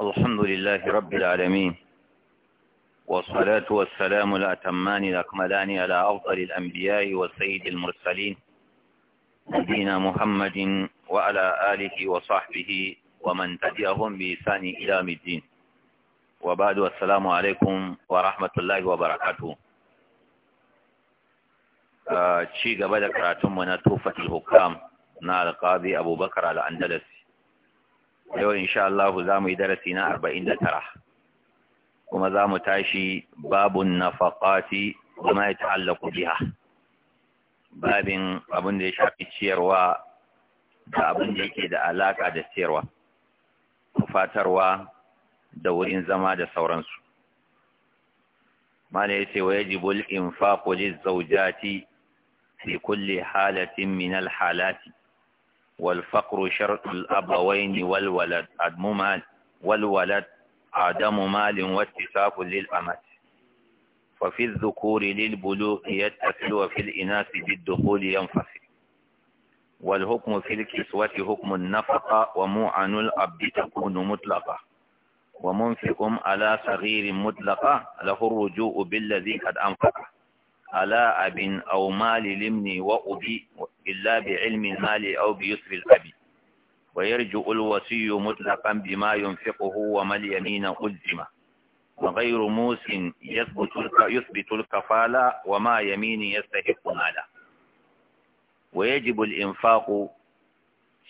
الحمد لله رب العالمين والصلاة والسلام الأتمان الأكملان على أفضل الأنبياء والسيد المرسلين نبينا محمد وعلى آله وصحبه ومن تبعهم بإحسان إلى يوم الدين وبعد السلام عليكم ورحمة الله وبركاته ci gaba da karatunmu na tufatul hukam na alƙazi abubakar al'andalasi yau insha Allah za mu yi darasi na arba'in da tara. kuma za mu tashi babun nafaqati kuma ya ta'allaku biya. babin abin da ya shafi ciyarwa da abin da yake da alaƙa da ciyarwa fatarwa da wurin zama da sauransu ya ce wa yajibu in infaqu liz-zawjati fi kulle halatin minal halati والفقر شرط الأبوين والولد عدم مال والولد عدم مال واتفاق للأمت ففي الذكور للبلوغ يتصل وفي الإناث بالدخول ينفصل والحكم في الكسوة حكم النفقة وموعن الأب تكون مطلقة ومنفق على صغير مطلقة له الرجوع بالذي قد أنفقه ala abin aw mali limni wa ubi illa bi ilmi mali aw bi yusri al-abi wa yarji'u al-wasiy mutlaqan bima yunfiquhu wa mal yamina ulzima wa ghayru musin yathbutu yuthbitu al-kafala wa ma yamini yastahiqu ala wa yajibu al-infaqu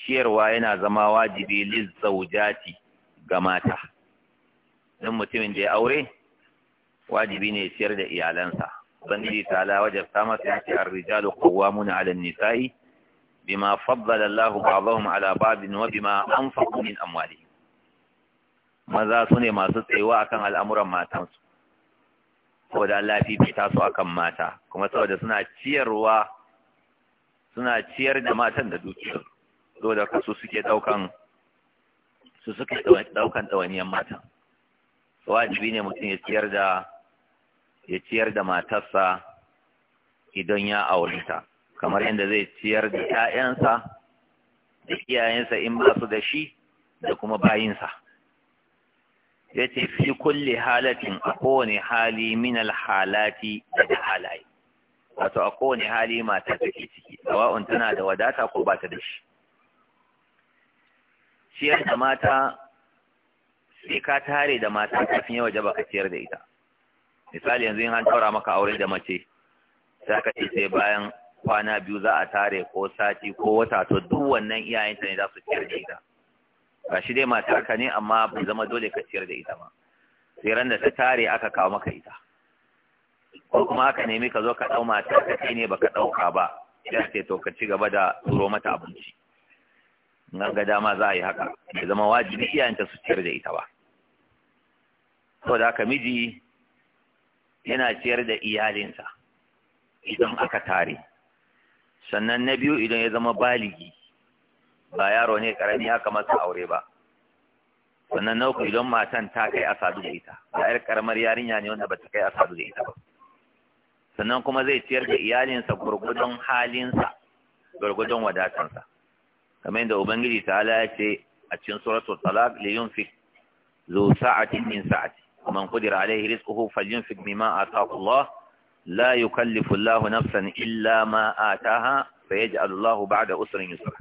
ciyarwa yana zama wajibi lizzaujati ga mata don mutumin da ya aure wajibi ne ya ciyar da iyalansa ubangiji ta ala wajabta masa yace ar-rijalu qawwamuna 'ala an-nisa'i bima faddala Allahu ba'dahum 'ala ba'din wa bima anfaqu min amwalihim maza su ne masu tsayuwa akan al'amuran matansu saboda Allah fifita su akan mata kuma saboda suna ciyarwa suna ciyar da matan da dukiyar saboda kasu suke daukan su suke daukan dawaniyan matan wajibi ne mutum ya ciyar da ya ciyar da matarsa idan ya aure ta kamar yadda zai ciyar da ƴaƴansa da iyayensa in ba su da shi da kuma bayinsa ya ce fi kulle halatin a kowane hali min da daga halaye wato a kowane hali mata take ciki dawaun tana da wadata ko ba ta da shi ciyar da mata sai ka tare da mata kafin yawa jaba ka ciyar da ita misali yanzu in an ɗaura maka aure da mace za ka ce sai bayan kwana biyu za a tare ko sati ko wata to duk wannan iyayenta ne za su ciyar da ita Ba shi dai matarka ne amma bai zama dole ka ciyar da ita ba sai ran da ta tare aka kawo maka ita ko kuma aka nemi ka zo ka ɗau matarka kai ne baka ɗauka ba ya ce to ka ci gaba da turo mata abinci in ga dama za a yi haka bai zama wajibi iyayenta su ciyar da ita ba saboda haka miji yana ciyar da iyalinsa idan aka tare sannan na biyu idan ya zama baligi ba yaro ne karami aka masa aure ba sannan na uku idan matan ta kai asadu da ita ba yar karamar yarinya ne wanda ba ta kai asadu da ita ba sannan kuma zai ciyar da iyalinsa gurgudun halinsa gurgudun wadatansa kamar yadda ubangiji ta ala ya ce a cikin suratul talaq li yunfiq zu sa'atin min sa'ati ومن قدر عليه رزقه فلينفق بما آتاه الله لا يكلف الله نفسا إلا ما آتاها فيجعل الله بعد أسر يسرا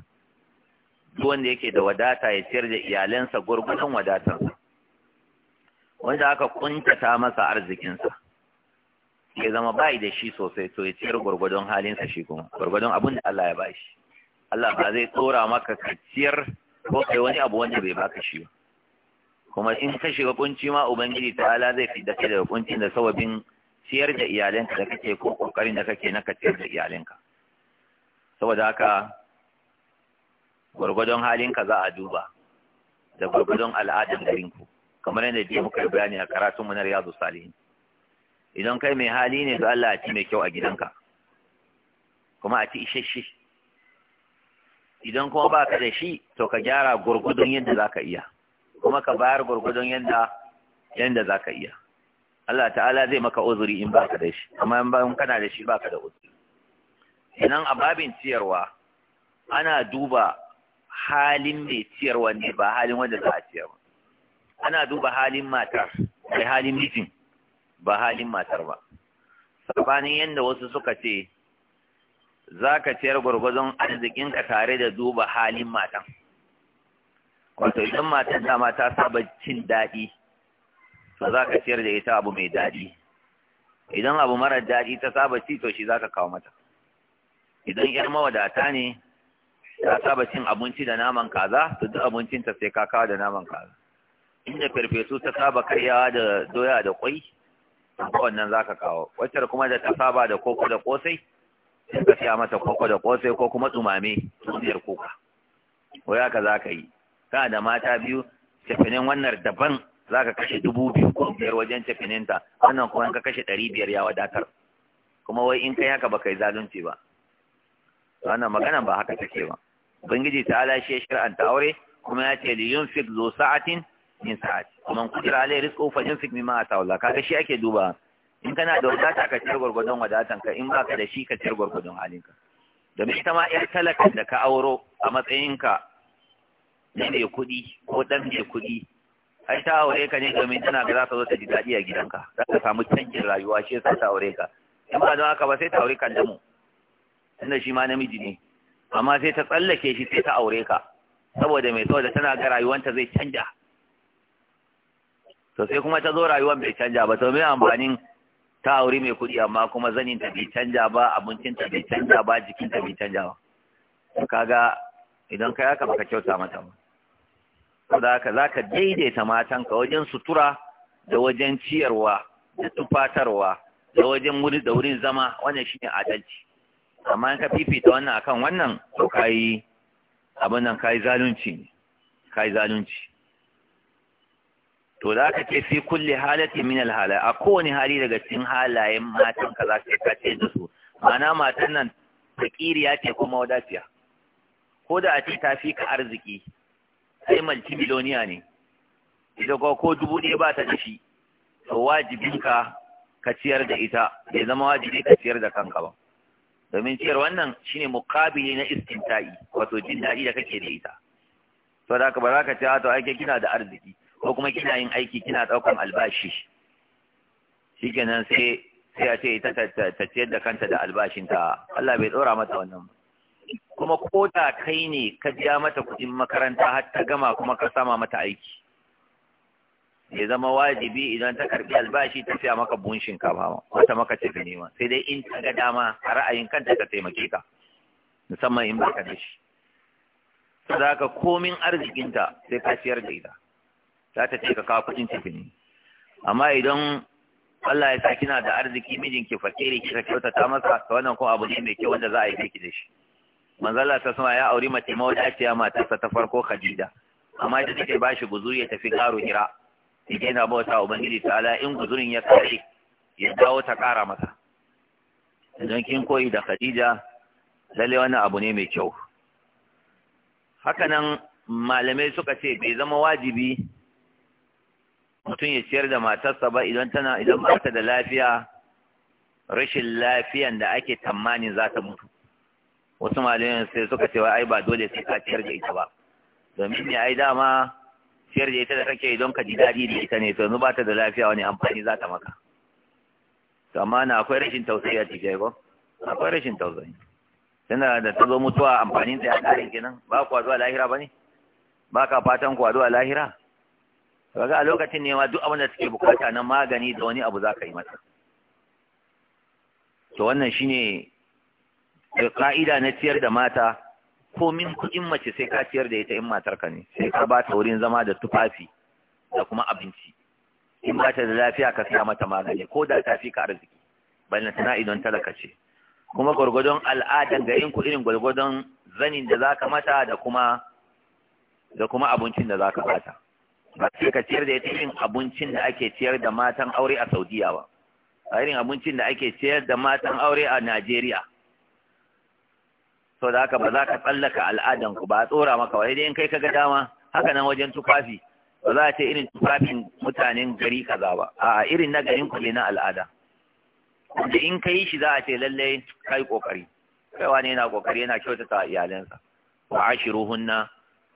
duwan da yake da wadata ya ciyar da iyalansa gurgudan wadatarsa wanda aka kuntata masa arzikinsa ya zama bai da shi sosai to ya ciyar gurgudan halinsa shi kuma gurgudan abin da Allah ya bashi Allah ba zai tsora maka ka ciyar ko kai wani abu wanda bai baka shi ba kuma in ka shiga kunci ma ubangiji ta'ala zai fi da kai daga kuncin da sababin siyar da iyalinka da kake ko kokarin da kake na ka da iyalinka saboda haka gwargwadon halinka za a duba da gwargwadon al'adar garinku kamar yadda ji muka yi bayani a karatun mu na riyadu salihin idan kai mai hali ne to Allah ya ci mai kyau a gidanka kuma a ci isasshe idan kuma ba ka da shi to ka gyara gwargwadon yadda zaka iya kuma ka bayar gurgudun yanda yanda zaka iya Allah ta'ala zai maka uzuri in baka da shi amma in ba kana da shi baka da uzuri idan a babin ciyarwa ana duba halin mai ciyarwa ne ba halin wanda za a ciyarwa ana duba halin matar da halin mijin ba halin matar ba sabanin yadda wasu suka ce za ka ciyar gwargwazon arzikinka tare da duba halin matan wato idan matar dama ta saba cin daɗi to za ka ciyar da ita abu mai daɗi idan abu marar daɗi ta saba ci to shi za ka kawo mata idan yar mawadata ne ta saba cin abinci da naman kaza to duk abincinta sai ka kawo da naman kaza inda farfesu ta saba karyawa da doya da kwai wannan za ka kawo wacce kuma da ta saba da koko da kosai sai ka siya mata koko da kosai ko kuma tsumame tsumiyar kuka waya ka za ka yi ka da mata biyu cefinin wannan daban za ka kashe dubu biyu ko biyar wajen ta, wannan kuma ka kashe ɗari biyar ya wadatar kuma wai in kai haka ba kai zalunci ba wannan magana ba haka take ba ubangiji ta ala shi ta aure kuma ya ce liyun fit zo sa'atin min sa'ati kuma kudira alai rizqu fa yunfik mimma wala. kaga shi ake duba in kana da wadata ka ciyar gwargwadon wadatan ka in baka da shi ka ciyar gwargwadon halinka domin ita ma yar talakan da ka auro a matsayinka na mai kuɗi ko ɗan mai kuɗi ai ta aure ka ne domin tana ga za ta zo ta ji daɗi a gidanka za ka samu canjin rayuwa shi yasa ta aure ka in ba don haka ba sai ta aure kan damu tunda shi ma namiji ne amma sai ta tsallake shi sai ta aure ka saboda mai saboda tana ga rayuwanta zai canja to sai kuma ta zo rayuwan bai canja ba to me amfanin ta aure mai kuɗi amma kuma zanin ta bai canja ba abincin ta bai canja ba jikin ta bai canja ba kaga idan kai haka baka kyauta mata ba saboda haka zaka daidaita matanka wajen sutura da wajen ciyarwa da tufatarwa da wajen wuri da wurin zama wannan shine adalci amma in ka fifita wannan akan wannan to kai abin nan kai zalunci ne kai zalunci to da aka ce fi kulli halati min alhala a kowane hali daga cikin halayen matan ka za ka kace da su ma'ana matan nan fakiriya ce kuma wadatiya ko da a ce ta fi ka arziki sai malti miliyoniya ne ita ko ko dubu ɗaya ba ta da shi to wajibin ka ka ciyar da ita bai zama wajibi ka ciyar da kanka ba domin ciyar wannan shine muqabili na istinta'i wato jin daɗi da kake da ita to da ka ba za ka ce to aike kina da arziki ko kuma kina yin aiki kina ɗaukan albashi shikenan sai sai a ce ita ta ciyar da kanta da albashinta Allah bai ɗora mata wannan ba kuma ko da kai ne ka biya mata kudin makaranta har ta gama kuma ka sama mata aiki ya zama wajibi idan ta karbi albashi ta fiya maka buhun shinkafa ma wata maka ce da nema sai dai in ta ga dama a ra'ayin kanta ta taimake ka musamman in baka da shi za ka komin arzikinta sai ka siyar da ita za ta ce ka kawo kudin tafini amma idan Allah ya sa kina da arziki mijinki fakiri kika kyautata masa to wannan ko abu ne mai kyau wanda za a yi biki da shi manzala ta sama ya auri mace mawadaciya matarsa ta farko Khadija amma shi, take bashi guzuri ya tafi karo hira yake na bauta ubangiji ta, in guzurin ya kare ya dawo ta kara masa idan kin koyi da Khadija lalle wani abu ne mai kyau Haka nan, malamai suka ce bai zama wajibi mutum ya ciyar da matarsa ba idan tana idan ba ta da lafiya rashin lafiyan da ake tamanin za ta mutu wasu malayan sai suka cewa ai ba dole sai ka ciyar da ita ba domin ne ai dama ciyar da ita da kake don ka ji daɗi da ita ne to yanzu ba ta da lafiya wani amfani za ta maka to amma na akwai rashin tausayi a cikin ko akwai rashin tausayi tana da ta zo mutuwa amfanin ta ya kare kenan ba ku zuwa lahira ba ne ba ka fatan ku zuwa lahira kaga a lokacin ne ma duk abin da suke bukata na magani da wani abu za ka yi masa. to wannan shine da eh, ka'ida na ciyar da mata komin kuɗin mace sai ka ciyar da ita in matarka ne sai ka ba ta wurin zama da tufafi da kuma abinci in ba ta da lafiya ka siya mata magani ko da ta fi ka arziki bayan tana idan talaka ce kuma gwargwadon al'adan ga in irin gwargwadon zanin da za ka mata da kuma da kuma abincin da za ka bata ba sai ka ciyar da ita irin abincin da ake ciyar da matan aure a Saudiya ba a irin abincin da ake ciyar da matan aure a Najeriya so da haka ba za ka tsallaka al'adan ku ba a tsora maka wai dai in kai kaga dama haka nan wajen tufafi ba za a ce irin tufafin mutanen gari kaza ba a irin na garin ku ne na al'ada da in kai shi za a ce lallai kai kokari Kai wane yana kokari yana kyautata iyalansa wa ashiruhunna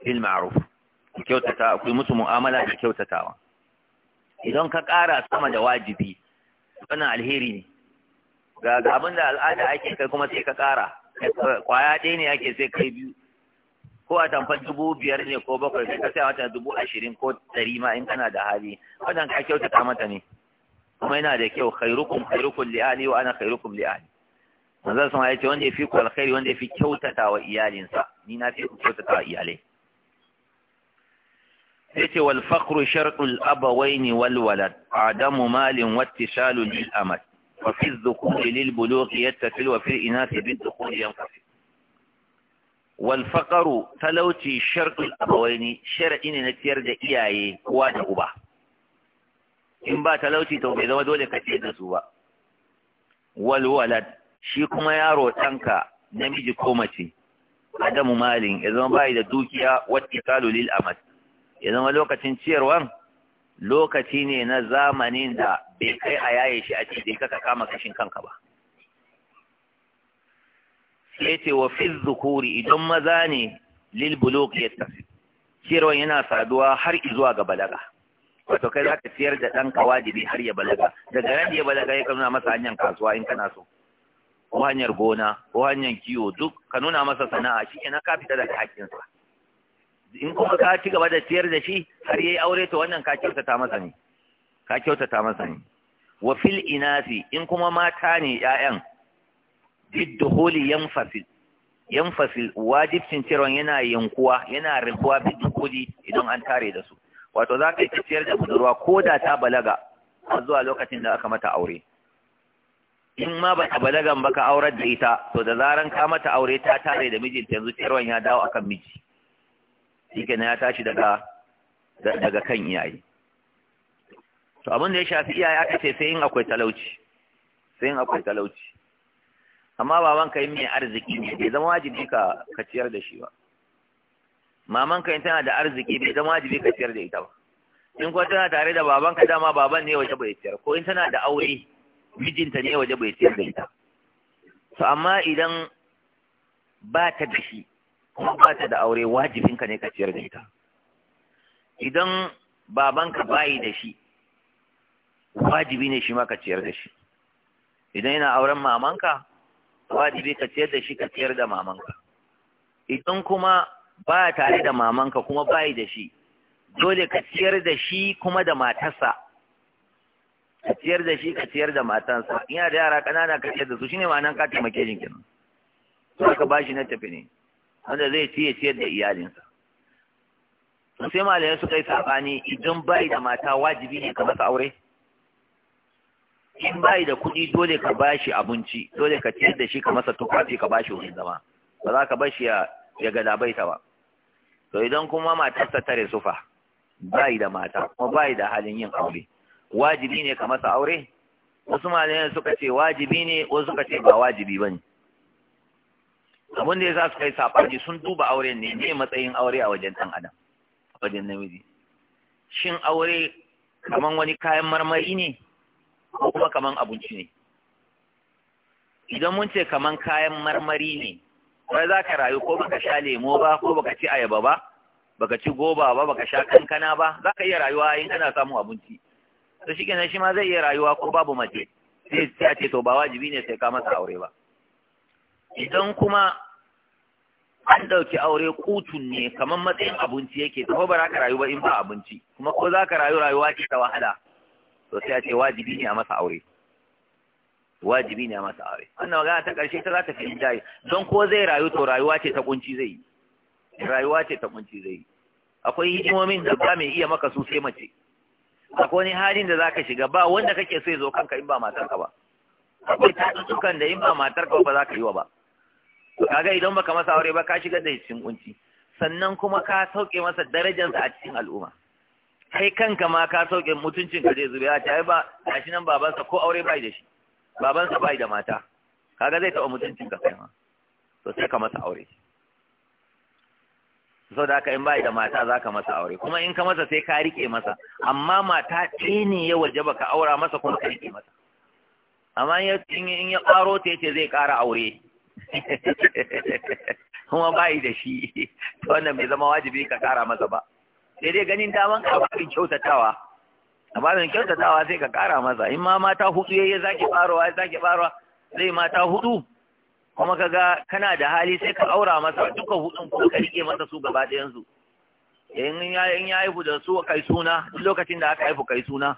bil ma'ruf kyautata ku musu mu'amala da kyautatawa idan ka kara sama da wajibi wannan alheri ne ga abin da al'ada ake kai kuma sai ka kara kwaya ɗaya ne ake sai kai biyu ko a tamfa dubu biyar ne ko bakwai sai ka sai wata dubu ashirin ko ɗari ma in kana da hali wannan ka kyautata mata ne kuma yana da kyau khairukum khairukum li ali wa ana khairukum li ali manzon sun ce wanda ya fi ku alkhairi wanda ya fi kyautata wa iyalinsa ni na fi kyautata wa iyalai sai ce wal fakhru shartul abawaini wal walad adamu malin wattisalul lil amad وفي الذخول للبلوغ يتفل وفي الإناث بالذخول ينقفل والفقر تلوتي شرق الأبوين شرق إن نتير دا قوات أبا إن با تلوتي توقي ذو دولة كتير دا سوا والولد ما يارو تنكا نميج كومتي عدم مال إذا ما بايدا دوكيا واتكال للأمس إذا ما لوكا تنشير وان lokaci ne na zamanin da bai kai a yaye shi a cikin kaka kama kashin kanka ba sai ce wa fi zukuri idan maza ne lil buluk ya tafi ciyarwan yana saduwa har zuwa ga balaga wato kai za ka ciyar da ɗanka wajibi har ya balaga daga ran ya balaga ya kanuna masa hanyar kasuwa in kana so ko hanyar gona ko hanyar kiwo duk ka nuna masa sana'a shi na ka fita daga haƙƙinsa in kuma ka ci gaba da ciyar da shi har yayi aure to wannan ka kyautata masa ne ka kyautata masa ne wa fil inasi in kuma mata ne ƴaƴan bidduhuli yanfasil yanfasil wajibcin ciyarwan yana yankuwa yana rikuwa bidduhuli idan an tare da su wato za ka yi ciyar da budurwa ko da ta balaga har zuwa lokacin da aka mata aure in ma ba ta balagan ba ka aurar da ita to da zaran ka mata aure ta tare da mijinta yanzu ciyarwan ya dawo akan miji na ya tashi daga daga kan iyaye to abin da ya shafi iyaye aka ce sai in akwai talauci sai in akwai talauci amma baban ka yi mai arziki ne bai zama wajibi ka ka ciyar da shi ba maman ka tana da arziki bai zama wajibi ka ciyar da ita ba in ko tana tare da baban ka dama baban ne waje bai ciyar ko in tana da aure mijinta ne waje bai ciyar da ita to amma idan ba ta da shi kuma ba ta da aure wajibinka ne ka ciyar da ita idan babanka bayi da shi wajibi ne shi ma ka ciyar da shi idan yana auren mamanka wajibi ka ciyar da shi ka ciyar da mamanka idan kuma baya tare da mamanka kuma bayi da shi dole ka ciyar da shi kuma da matarsa ka ciyar da shi ka ciyar da matansa ina da yara ƙanana ka ciyar da su Shi ne ma nan ka taimake jinkin to ka shi na tafi ne wanda zai ci ciyar da iyalinsa to sai malamai suka yi sabani idan bai da mata wajibi ne ka masa aure in bai da kuɗi dole ka bashi abinci dole ka ciyar da shi ka masa tufafi ka bashi wurin zama ba za ka shi ya ya ta ba to idan kuma matarsa ta tare sufa bai da mata kuma bai da halin yin aure wajibi ne ka masa aure wasu malamai suka ce wajibi ne wasu suka ce ba wajibi bane abin da ya sa su kai saɓaji sun duba aure ne ne matsayin aure a wajen ɗan adam a wajen namiji shin aure kaman wani kayan marmari ne ko kuma kaman abinci ne idan mun ce kaman kayan marmari ne wai za ka rayu ko baka sha lemo ba ko baka ci ayaba ba baka ci goba ba baka sha kankana ba za ka iya rayuwa in kana samun abinci to shi kenan shi ma zai iya rayuwa ko babu mace sai a ce to ba wajibi ne sai ka masa aure ba idan kuma an ɗauki aure kutun ne kamar matsayin abinci yake ta hobara ka rayu ba in ba abinci kuma ko za ka rayu rayuwa ce ta wahala to sai a ce wajibi ne a masa aure wajibi ne a masa aure wannan magana ta ƙarshe ta za ta fi jayi don ko zai rayu to rayuwa ce ta kunci zai yi rayuwa ce ta kunci zai yi akwai hikimomin da ba mai iya maka su sai mace akwai wani halin da za ka shiga ba wanda kake so ya zo kanka in ba matarka ba akwai tatuttukan da in ba matarka ba za ka yi wa ba kaga idan baka masa aure ba ka shiga da cikin kunci sannan kuma ka sauke masa sa a cikin al'umma kai kanka ma ka sauke mutuncin ka zai zube a tare ba gashi nan babansa ko aure bai da shi babansa bai da mata kaga zai taɓa mutuncin ka kai ma to sai ka masa aure sau da haka in bai da mata za ka masa aure kuma in ka masa sai ka rike masa amma mata ce ne ya waje baka aura masa kuma ka rike masa amma in ya ƙaro ta yace zai ƙara aure kuma bayi da shi wannan bai zama wajibi ka kara masa ba sai dai ganin daman ka kyautatawa a babin kyautatawa sai ka kara masa in ma mata hudu ya zaki barowa zaki barowa zai mata hudu kuma kaga kana da hali sai ka aura masa duka hudun ko ka rike masa su gaba ɗayan su in ya haihu da su kai suna lokacin da aka haifu kai suna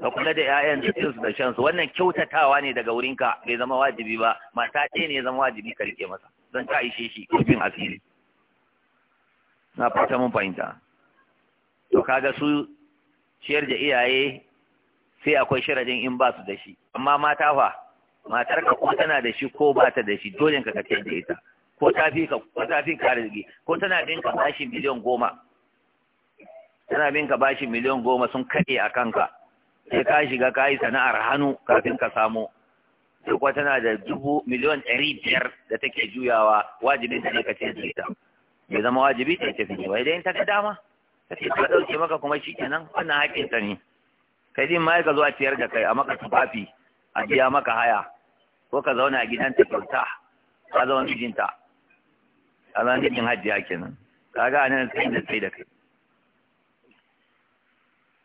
ka kula da ƴaƴan da su da shan su wannan kyautatawa ne daga wurinka bai zama wajibi ba mata ɗaya ne ya zama wajibi ka rike masa don ta ishe shi kofin asiri na fata mun fahimta to kaga su ciyar da iyaye sai akwai sharadin in ba su da shi amma mata fa matar ka ko tana da shi ko ba ta da shi dole ka ka da ita ko ta fi ka ko ta fi ka arziki ko tana bin ka bashi miliyan goma tana bin ka bashi miliyan goma sun kaɗe a kanka sai ka shiga ka yi sana'ar hannu kafin ka samo sai kuwa tana da dubu miliyon ɗari biyar da take juyawa wajibi da ne ka ce ita bai zama wajibi ta tafi fiye wai yin ta ga dama ta ce ta ɗauke maka kuma shi kenan wannan haƙƙin ta ne kai din ma ka zo a ciyar da kai a maka tufafi a biya maka haya ko ka zauna a gidanta kyauta ka zama mijinta a zama hajji hajjiya kenan ka ga nan da sai da kai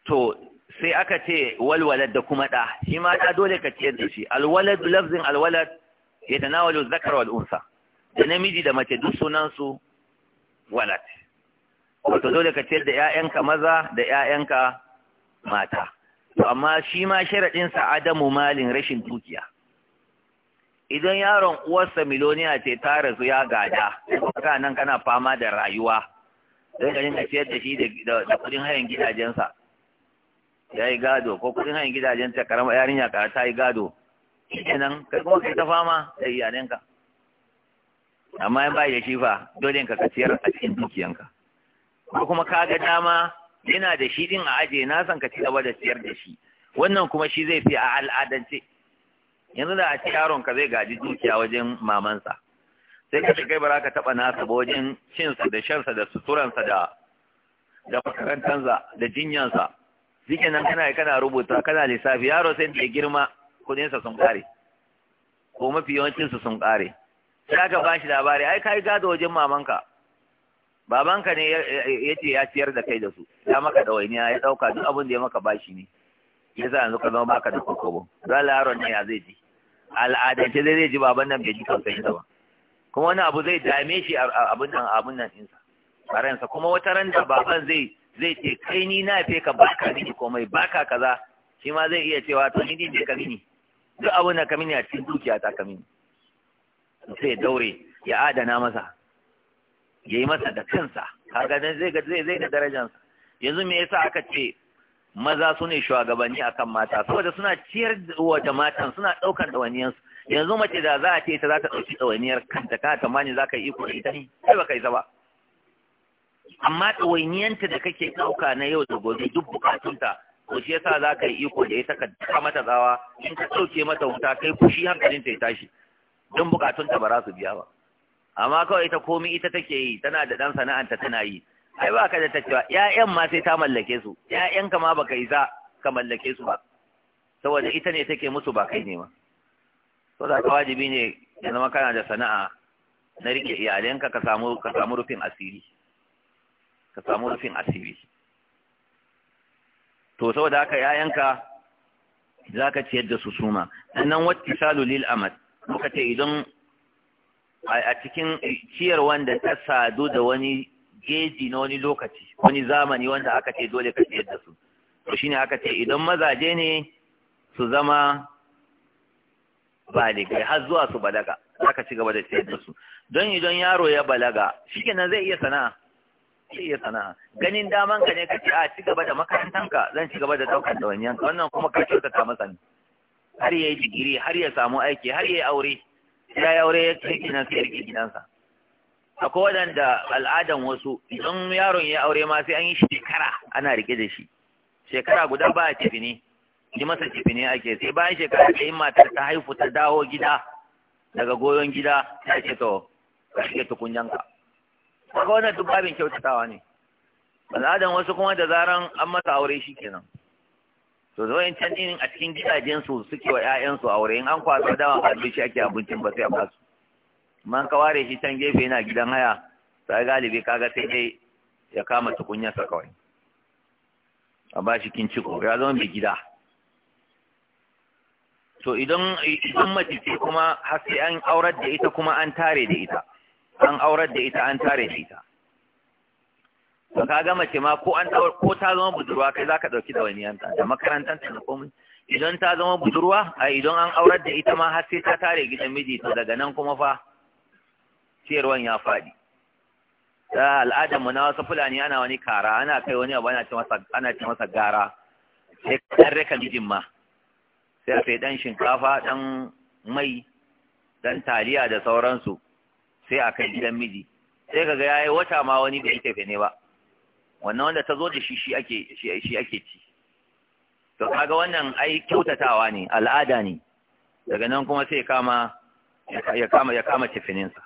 to sai aka ce walwalad da kuma ɗa shi ma ɗa dole ka ciyar da shi alwalad lafzin alwalad ya tanawalu zakar wal unsa da namiji da mace duk sunansu walad wato dole ka ciyar da 'ya'yanka maza da 'ya'yanka mata to amma shi ma sharaɗinsa adamu malin rashin tukiya. idan yaron uwarsa miloniya ce ta rasu ya gada ka nan kana fama da rayuwa don ka dinga ciyar da shi da kuɗin hayan gidajensa ya yi gado ko kudin hanyar gidajen ta karama yarinya ka ta yi gado kenan kai kuma kai ta fama da iyalinka amma in bai da shi fa dole ka ka ciyar a cikin dukiyanka ko kuma ka ga dama yana da shi din a aje na san ka ci gaba da ciyar da shi wannan kuma shi zai fi a al'adance yanzu da a ci yaron ka zai gaji dukiya wajen mamansa sai ka kai ba ka taba nasa ba wajen cinsa da shansa da suturansa da da makarantansa da jinyansa shike nan kana kana rubuta kana lissafi yaro sai da girma kudinsa sun kare ko mafi yawancinsu sun kare sai aka ba shi labari ai kai gado wajen mamanka babanka ne ya ce ya ciyar da kai da su ya maka ɗawainiya ya ɗauka duk abin da ya maka bashi ne ya sa yanzu ka zama baka da kokobo za yaron ne ya zai ji al'adance zai zai ji baban nan bai ji tausayin sa ba kuma wani abu zai dame shi abin nan abin nan ɗinsa a ransa kuma wata ran da baban zai zai ce kai ni na fe ka baka mini komai baka kaza shi ma zai iya cewa to ni ne ka mini duk abin da ka mini a cikin dukiya ta ka mini sai daure ya adana masa ya yi masa da kansa kaga dan zai zai zai da darajansa yanzu me yasa aka ce maza su ne shugabanni akan mata saboda suna ciyar da matan suna ɗaukar su. yanzu mace da za a ce ta za ta ɗauki dawaniyar kanta kana tamani za ka yi iko ita ne sai ba kai ba amma ɗawainiyanta da kake ɗauka na yau da gobe duk bukatunta ko shi yasa za ka yi iko da ita ka ka mata tsawa in ka ɗauke mata wuta kai fushi hankalin ta ya tashi don bukatunta ba za su biya ba amma kawai ita komai ita take yi tana da ɗan sana'anta tana yi ai ba ka da ta cewa ƴaƴan ma sai ta mallake su ƴaƴan ka ma ba ka isa ka mallake su ba saboda ita ne take musu ba kai ne ma to da wajibi ne ya zama kana da sana'a na rike iyalanka ka samu ka samu rufin asiri ka samu rufin asiri to saboda haka yayanka za ka ciyar da su suma nan wata salu lil amat, muka ce idan a cikin ciyar wanda ta sadu da wani geji na wani lokaci wani zamani wanda aka ce dole ka ciyar da su to shi ne aka ce idan mazaje ne su zama baligai har zuwa su balaga za ka ci gaba da ciyar da su don idan yaro ya balaga shikenan zai iya sana'a iya sana'a ganin daman ka ne ka ce a ci gaba da makarantanka zan ci gaba da daukar yanka wannan kuma ka ta masa ne har ya yi digiri har ya samu aiki har ya yi aure ya yi aure ya kai gidan sai rike gidansa akwai waɗanda al'adan wasu idan yaron ya aure ma sai an yi shekara ana rike da shi shekara guda ba a cifini yi masa cifini ake sai bayan shekara yi matar ta haifu ta dawo gida daga goyon gida ta ce to ka shige tukunyanka kaga wannan duk babin kyautatawa ne al'adan wasu kuma da zaran an masa aure shi kenan to zo wayan can din a cikin gidajen su suke wa ƴaƴan su aure in an kwaso dama ba shi ake abincin ba sai a basu man ka ware shi can gefe yana gidan haya sai galibi kaga sai dai ya kama sa kawai a ba shi kinciko ya zama mai gida to idan idan mace ce kuma har sai an aurar da ita kuma an tare da ita an aurar da ita an tare da ita to ka ga mace ma ko an ko ta zama budurwa kai zaka dauki dawainiyanta da makarantar ta da komai idan ta zama budurwa ai idan an aurar da ita ma har sai ta tare gidan miji to daga nan kuma fa ciyarwan ya faɗi da al'adar mu na wasu fulani ana wani kara ana kai wani abu ana ci masa ana masa gara sai kan reka mijin ma sai a sai dan shinkafa dan mai dan taliya da sauransu sai a kai gidan miji sai ka ga yayi wata ma wani bai kai ne ba wannan wanda ta zo da shi shi ake shi ake ci to kaga wannan ai kyautatawa ne al'ada ne daga nan kuma sai kama ya kama ya kama sa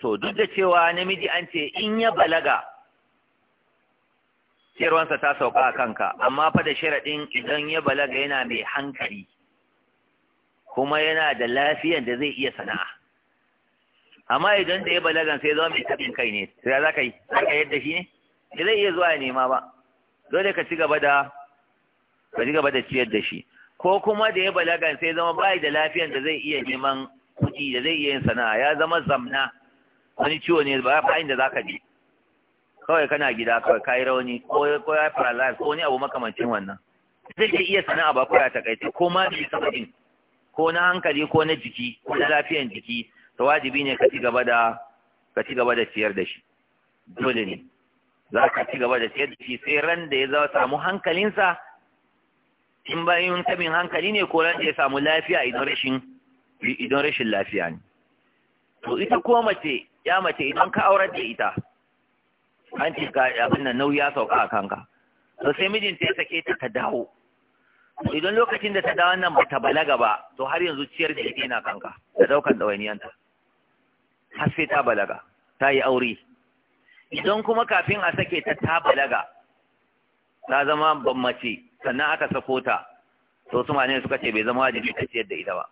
to duk da cewa namiji an ce in ya balaga ciyarwansa ta sauka a kanka amma fa da sharaɗin idan ya balaga yana mai hankali kuma yana da lafiyan da zai iya sana'a amma idan da ya balagan sai zama mai tabin kai ne sai za ka yi ka yadda shi ne ba zai iya zuwa ya nema ba dole ka ci gaba da ka ci gaba da ciyar da shi ko kuma da ya balagan sai zama bai da lafiyan da zai iya neman kuɗi da zai iya yin sana'a ya zama zamna wani ciwo ne ba fa inda zaka je kawai kana gida kawai kai rauni ko ko ya paralyze ko ni abu makamancin wannan zai ke iya sana'a ba ko ya takaice ko ma bi sabadin ko na hankali ko na jiki ko na lafiyan jiki Ta wajibi ne ka ci gaba da ka ci gaba da ciyar da shi dole ne za ka ci gaba da ciyar da shi sai ran da ya zama samu hankalinsa in bayan tabin hankali ne ko ran da ya samu lafiya idan rashin idan rashin lafiya ne to ita ko mace ya mace idan ka aurar da ita an ce ka abin nan nauyi ya sauka a kanka to sai mijinta ya sake ta ta dawo idan lokacin da ta dawo nan ba ta balaga ba to har yanzu ciyar da ita yana kanka da daukan ɗawainiyanta har sai ta balaga ta yi aure idan kuma kafin a sake ta ta balaga ta zama bammace sannan aka sako ta to su ne suka ce bai zama wajibi ta ciyar da ita ba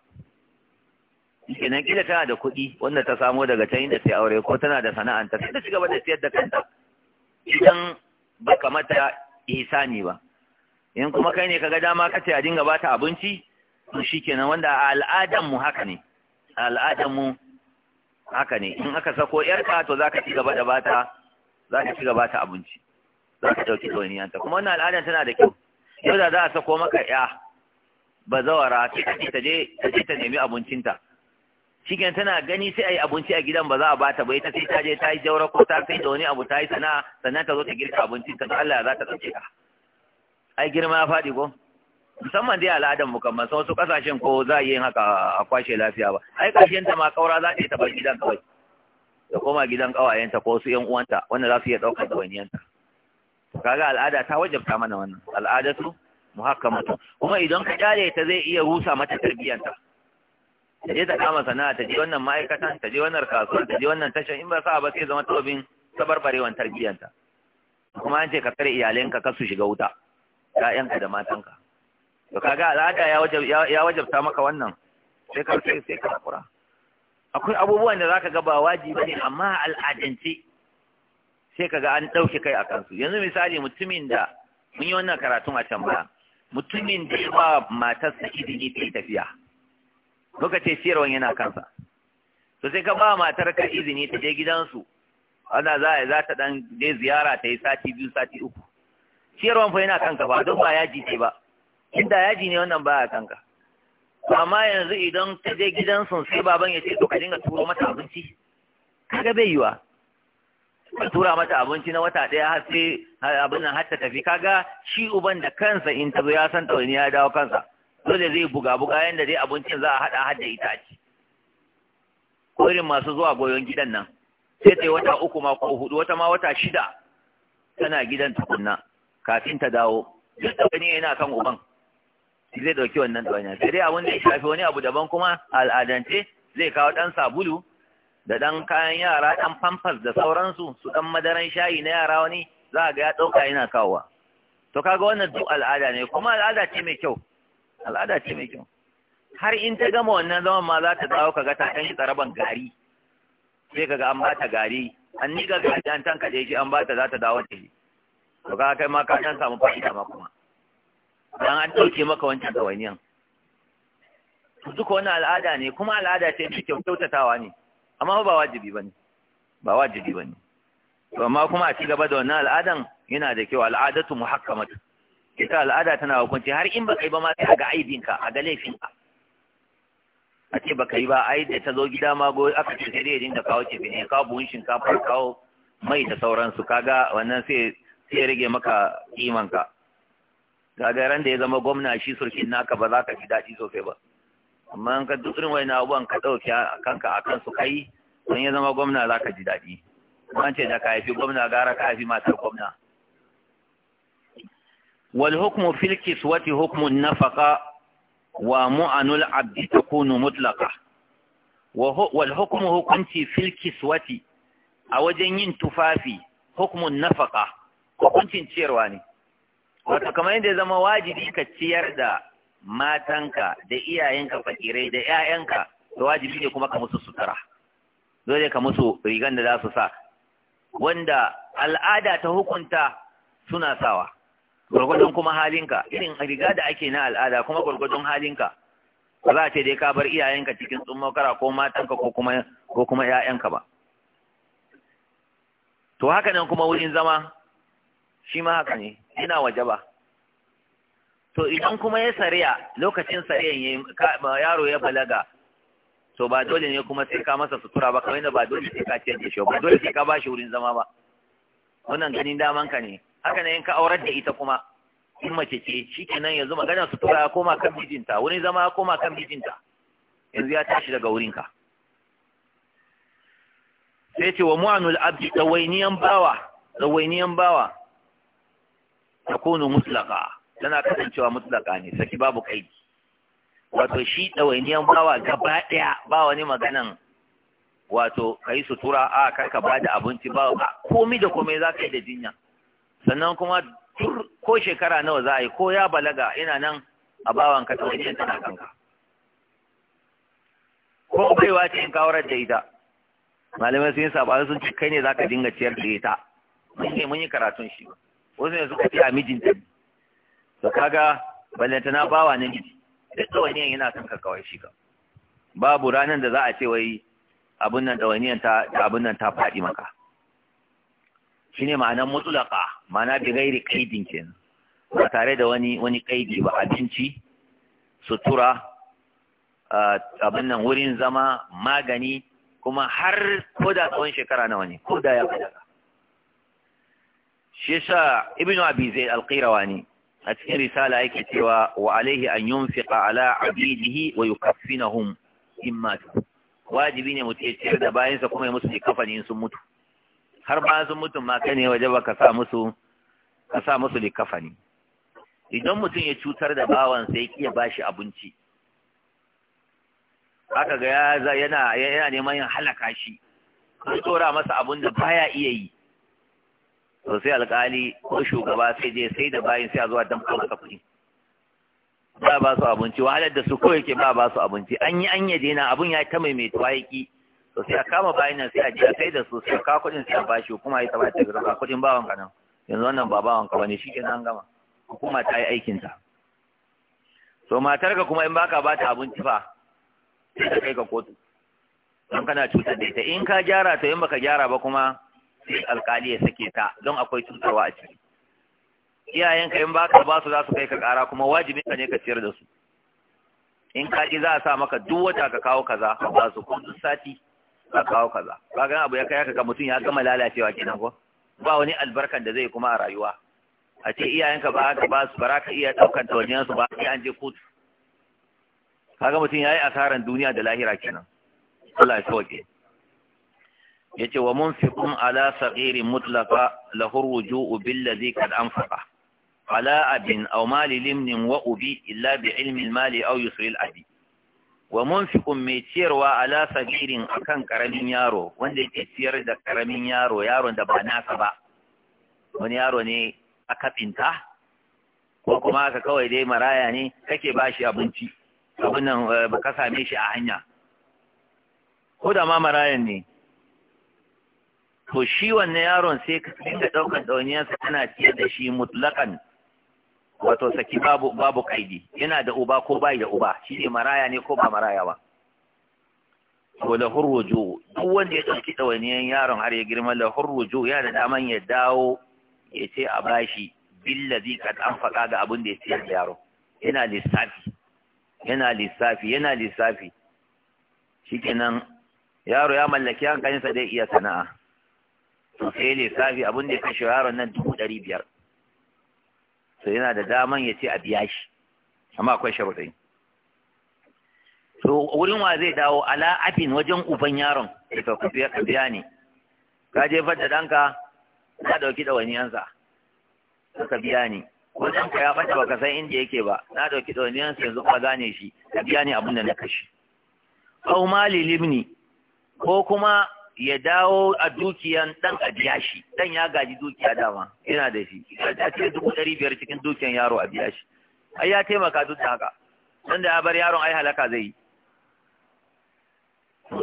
kenan kila tana da kuɗi wanda ta samo daga can inda ta aure ko tana da sana'anta sai ta ci gaba da ciyar da kanta idan baka mata ihsani ba in kuma kai ne kaga dama kace a dinga bata abinci to shikenan wanda a al'adan mu haka ne al'adan mu haka ne in aka sako yarka to za ka ci gaba da bata zaka ci gaba ta abinci za ka ɗauki ɗawainiyanta kuma wannan al'adar tana da kyau yau da za a sako maka ya bazawara ta kace ta je ta ta nemi abincinta shigen tana gani sai a yi abinci a gidan ba za a bata ba ita sai ta je ta yi jaura ko ta kai da wani abu ta yi sana'a sannan ta zo ta girka abincinta to Allah ya za ta ɗauke ka ai girma ya faɗi ko musamman dai al'adar mu kamar wasu kasashen ko za a yi haka a kwashe lafiya ba ai kashin ta ma kaura za ta yi tabar gidan kawai da koma gidan kawayenta ko su yan uwanta wanda za su iya daukar dawainiyanta kaga al'ada ta wajabta mana wannan mu haka mutu. kuma idan ka kyale ta zai iya rusa mata tarbiyyanta ta je ta kama sana'a ta je wannan ma'aikatan ta je wannan kasuwa ta je wannan tashan in ba sa ba sai zama tobin tabarbarewan tarbiyyanta kuma an ce ka tsare iyalenka kar su shiga wuta ƴaƴanka da matanka to kaga al'ada ya wajab ya wajabta maka wannan sai ka sai sai ka kura. akwai abubuwan da zaka ga ba wajibi ne amma al'adance sai kaga an dauke kai akan su yanzu misali mutumin da mun yi wannan karatun a can baya mutumin da ya ba matarsa izini ta tafiya muka ce siyarwan yana kansa to sai ka ba matar ka izini ta je gidansu ana za a za ta dan je ziyara ta yi sati biyu sati uku ciyarwan fa yana kanka ba don ba yaji ce ba inda yaji ne wannan baya kanka amma yanzu idan ta je gidan sun sai baban ya ce to ka dinga turo mata abinci kaga bai yiwa ka tura mata abinci na wata ɗaya har sai abin nan har ta tafi kaga shi uban da kansa in ta zo ya san ɗauni ya dawo kansa dole zai buga buga yanda dai abincin za a haɗa har da ita ce ko irin masu zuwa goyon gidan nan sai ta yi wata uku ma ko hudu wata ma wata shida tana gidan tukunna kafin ta dawo duk wani yana kan uban zai ɗauki wannan ɗawanya sai dai abin da ya shafi wani abu daban kuma al'adance zai kawo ɗan sabulu da ɗan kayan yara ɗan famfas da sauransu su ɗan madaran shayi na yara wani za a ga ya ɗauka yana kawowa to kaga wannan duk al'ada ne kuma al'ada ce mai kyau al'ada ce mai kyau har in ta gama wannan zaman ma za ta dawo kaga ta kan tsaraban gari sai kaga an bata gari an ni ga gari an tanka da shi an bata za ta dawo ta yi to kaga kai ma ka ɗan samu fa'ida ma kuma don an ɗauke maka wancan ɗawainiyan duka wani al'ada ne kuma al'ada ce ta kyautatawa ne amma ba wajibi ba ne ba wajibi ba ne amma kuma a ci gaba da wannan al'adan yana da kyau al'adatu muhakkamat ita al'ada tana hukunci har in baka yi ba ma sai ga aibinka a ga laifinka a ce baka yi ba ai da ta zo gida ma go aka ce sai dai dinga kawo ce bine kawo buhun shinkafa kawo mai da sauransu kaga wannan sai sai rage maka imanka kaga ran da ya zama gwamna shi surkin naka ba za ka ji daɗi sosai ba amma an ka dukkan wani abubuwan ka a kanka a kansu kai don ya zama gwamna za ka ji daɗi an ce da ka haifi gwamna gara ka haifi matar gwamna wal hukmu fil kiswati hukmu nafaqa wa mu'anul abdi takunu mutlaqa wal hukmu hukunci fil kiswati a wajen yin tufafi hukmun nafaka hukuncin ciyarwa ne wato kamar yadda ya zama wajibi ka ciyar da matanka da iyayenka fakirai da ƴaƴanka to wajibi ne kuma ka musu sutura dole ka musu rigan da za su sa wanda al'ada ta hukunta suna sawa gwargwadon kuma halinka irin riga da ake na al'ada kuma gwargwadon halinka ba za a ce dai ka bar iyayenka cikin kara ko matanka ko kuma ko kuma ƴaƴanka ba to haka nan kuma wurin zama shi ma haka ne yana wajaba to idan kuma ya sariya lokacin sariyan yaro ya balaga to ba dole ne kuma sai ka masa sutura ba kawai da ba dole sai ka ciyar da shi ba dole sai ka bashi wurin zama ba wannan ganin daman ka ne haka ne in ka aurar da ita kuma in mace ce shikenan yanzu magana sutura ya koma kan mijinta wurin zama ya koma kan mijinta yanzu ya tashi daga wurin ka, sai ce wa mu'anul abdi dawainiyan bawa dawainiyan bawa takunu mutlaka tana kasancewa mutlaka ne saki babu kai wato shi ɗawainiyan bawa gaba ɗaya ba wani maganan wato ka yi sutura a karka ba da abinci ba komi da komai za ka yi da jinya sannan kuma ko shekara nawa za a yi ko ya balaga ina nan a bawan ka ɗawainiyan tana kanka ko baiwa ce in kawarar da ita malamai sun yi saɓani sun ci kai ne za ka dinga ciyar da ita mun yi karatun shi ba wasu ne suka a mijinta ne to kaga ballanta na bawa na miji duk ɗawaniyan yana son ka kawai shi ka babu ranar da za a ce wai abin nan ɗawaniyan ta da abin nan ta faɗi maka Shi ne ma'anar mutulaka ma'ana bi gairi kaidin kenan ba tare da wani wani kaidi ba abinci sutura abin nan wurin zama magani kuma har ko da tsawon shekara na wani, ko da ya balaga shi yasa abi zaid al-qirawani a cikin risala yake cewa wa alaihi an yunfiqa ala abidihi wa yukaffinahum imma wajibi ne mutum ya ciyar da sa kuma ya musu ne sun mutu har ba sun mutu ma kane waje ba ka sa musu ka sa musu kafani idan mutum ya cutar da bawansa ya kiya bashi abinci aka ga yana yana neman yin halaka shi an tsora masa abin da baya iya yi to sai alkali ko shugaba sai je sai da bayin sai a zuwa dan fara kuɗi ba ba su abinci wahalar da su kawai ke ba ba su abinci an yi anya yaje abun ya ta maimaituwa waiki to sai a kama bayin nan sai a je a sai da su sai ka kuɗin sai a shi kuma ya tabbata ga zaka kuɗin ba wanka nan yanzu wannan ba ba wanka bane kenan an gama hukuma ta yi aikin ta to matar ka kuma in baka ba ta abinci fa sai ka kai ka kotu don kana cutar da ita in ka gyara to in baka gyara ba kuma sai alkali ya sake ta don akwai cutarwa a ciki iyayenka in baka ba su za su kai ka kara kuma wajibi ka ne ka ciyar da su in ka za a sa maka duk wata ka kawo kaza ba su duk sati ka kawo kaza ga abu ya kai ka mutum ya gama lalacewa kenan ko ba wani albarkan da zai kuma a rayuwa a ce iyayenka ba ka ba su ba ka iya daukan tawanniyan su ba sai an je kotu kaga mutum yayi asaran duniya da lahira kenan Allah ya sauke yace wa munfiqun ala saghiri mutlaqa lahu ruju'u kada kad anfaqa ala abin aw mali limnin wa ubi illa bi ilmi mali aw yusri al-abi wa munfiqun mai ciyarwa ala sagirin akan karamin yaro wanda yake ciyar da karamin yaro yaron da ba nasa ba wani yaro ne aka tsinta ko kuma aka kawai dai maraya ne kake bashi abinci abin nan ba eh, ka same shi a hanya ko da ma marayan ne to shi wannan yaron sai ka dinga ɗaukar ɗauniyarsa tana ciyar da shi mutlaƙan wato saki babu babu kaidi yana da uba ko bai da uba shi ne maraya ne ko ba maraya ba to da hurruju duk wanda ya ɗauki ɗawainiyar yaron har ya girma da hurruju ya da daman ya dawo ya ce a bashi billazi kad an faɗa ga abin da ya ciyar da yaron yana lissafi yana lissafi yana lissafi shikenan yaro ya mallaki hankalinsa zai iya sana'a to sai lissafi abin da ya kashe yaron nan dubu ɗari biyar to yana da daman ya ce a biya shi amma akwai sharuɗai to wurin wa zai dawo ala afin wajen uban yaron da ka ku biya biya ne ka jefar da ɗanka ka ɗauki ɗawainiyansa ka biya ne ko ɗanka ya ɓata baka san inda yake ba na ɗauki ɗawainiyansa yanzu kuma gane shi ka biya ne abin da na kashe aw mali ko kuma ya dawo a dukiyan dan a biya shi dan ya gaji dukiya dama yana da shi a ce dubu ɗari biyar cikin dukiyan yaro a biya shi ai ya taimaka duk da haka dan da ya bar yaron ai halaka zai yi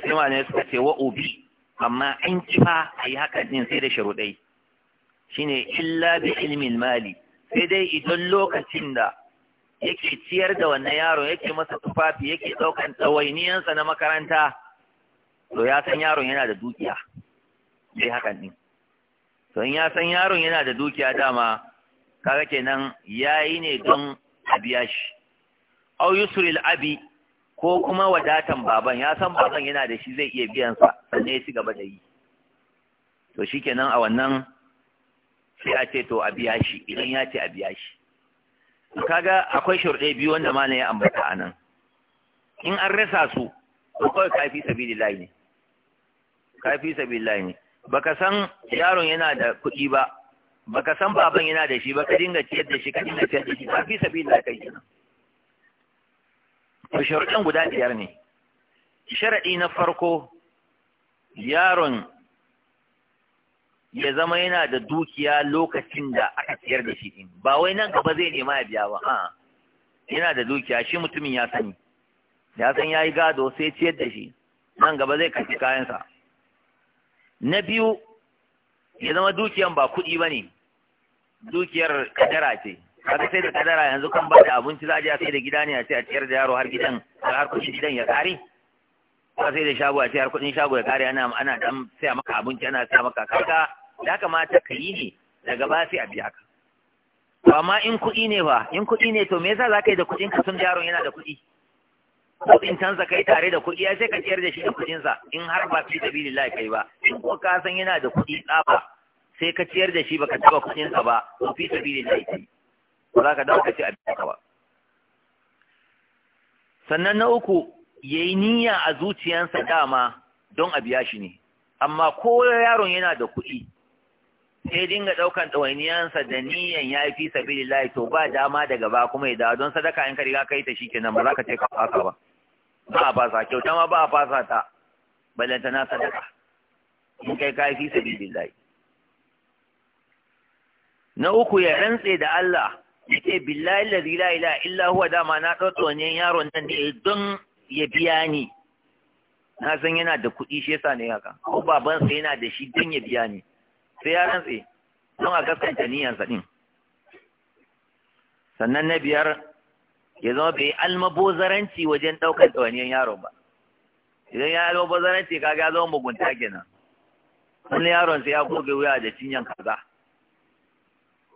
sai ma ne suka ce wa ubi amma an ci a yi haka din sai da sharudai shine illa bi ilmin mali sai dai idan lokacin da yake ciyar da wannan yaro yake masa tufafi yake ɗaukan ɗawainiyansa na makaranta to ya san yaron yana da dukiya dai hakan din to in ya san yaron yana da dukiya dama kaga kenan yayi ne don a biya shi au yusril abi ko kuma wadatan baban ya san baban yana da shi zai iya biyan sa sannan ya ci gaba da yi to shikenan a wannan sai a ce to a biya shi idan ya ce a biya shi kaga akwai shurɗe biyu wanda malam ya ambata anan in an rasa su to kawai kafi sabilillahi ne ka fi ne baka san yaron yana da kuɗi ba baka san baban yana da shi ba ka dinga ciyar da shi ka dinga ciyar da shi ka fi kai kenan to sharuɗin guda biyar ne sharaɗi na farko yaron ya zama yana da dukiya lokacin da aka ciyar da shi ba wai nan gaba zai nema ya biya ba a yana da dukiya shi mutumin ya sani ya san ya yi gado sai ciyar da shi nan gaba zai kashe kayansa na biyu ya zama dukiyan ba kuɗi ba ne dukiyar kadara ce kaga sai da kadara yanzu kan ba da abinci za a je a sai da gida ne a ce a ciyar da yaro har gidan har kuɗin gidan ya ƙare ka sai da shago a ce har kuɗin shago ya ƙare ana ana dan saya maka abinci ana saya maka kaga ya kamata ka yi ne daga ba sai a biya ka to amma in kuɗi ne ba in kuɗi ne to me yasa za ka yi da kuɗin ka tun yaron yana da kuɗi kuɗin can sa kai tare da kuɗi sai ka ciyar da shi da kuɗin sa in har ba fi sabilillah kai ba in ko ka san yana da kuɗi tsaba sai ka ciyar da shi baka taba kuɗin sa ba to fi sabilillah kai ba za ka dawo ka ci abin ka ba sannan na uku yayi niyya a zuciyansa dama don a biya shi ne amma ko yaron yana da kuɗi sai dinga ɗaukan ɗawainiyansa da niyan ya fi sabilillahi to ba dama daga ba kuma ya dawo don sadaka in ka riga kai ta shi kenan ba za ka ce ka fasa ba ba a fasa kyauta ma ba a fasa ta balanta na sadaka mun kai kai fi sabilillahi na uku ya rantse da Allah yake billahi allazi la ilaha illa huwa dama na dauko ne yaron nan ne don ya biya ni na san yana da kuɗi shi yasa ne haka ko baban sa yana da shi don ya biya ni sai ya rantse don a gaskanta sa din sannan na biyar ya zama bai yi almabozaranci wajen ɗaukar ɗawaniyar yaron ba idan ya yi almabozaranci kaga ya zama mugunta kenan wani yaron sai ya goge wuya da cinyan kaza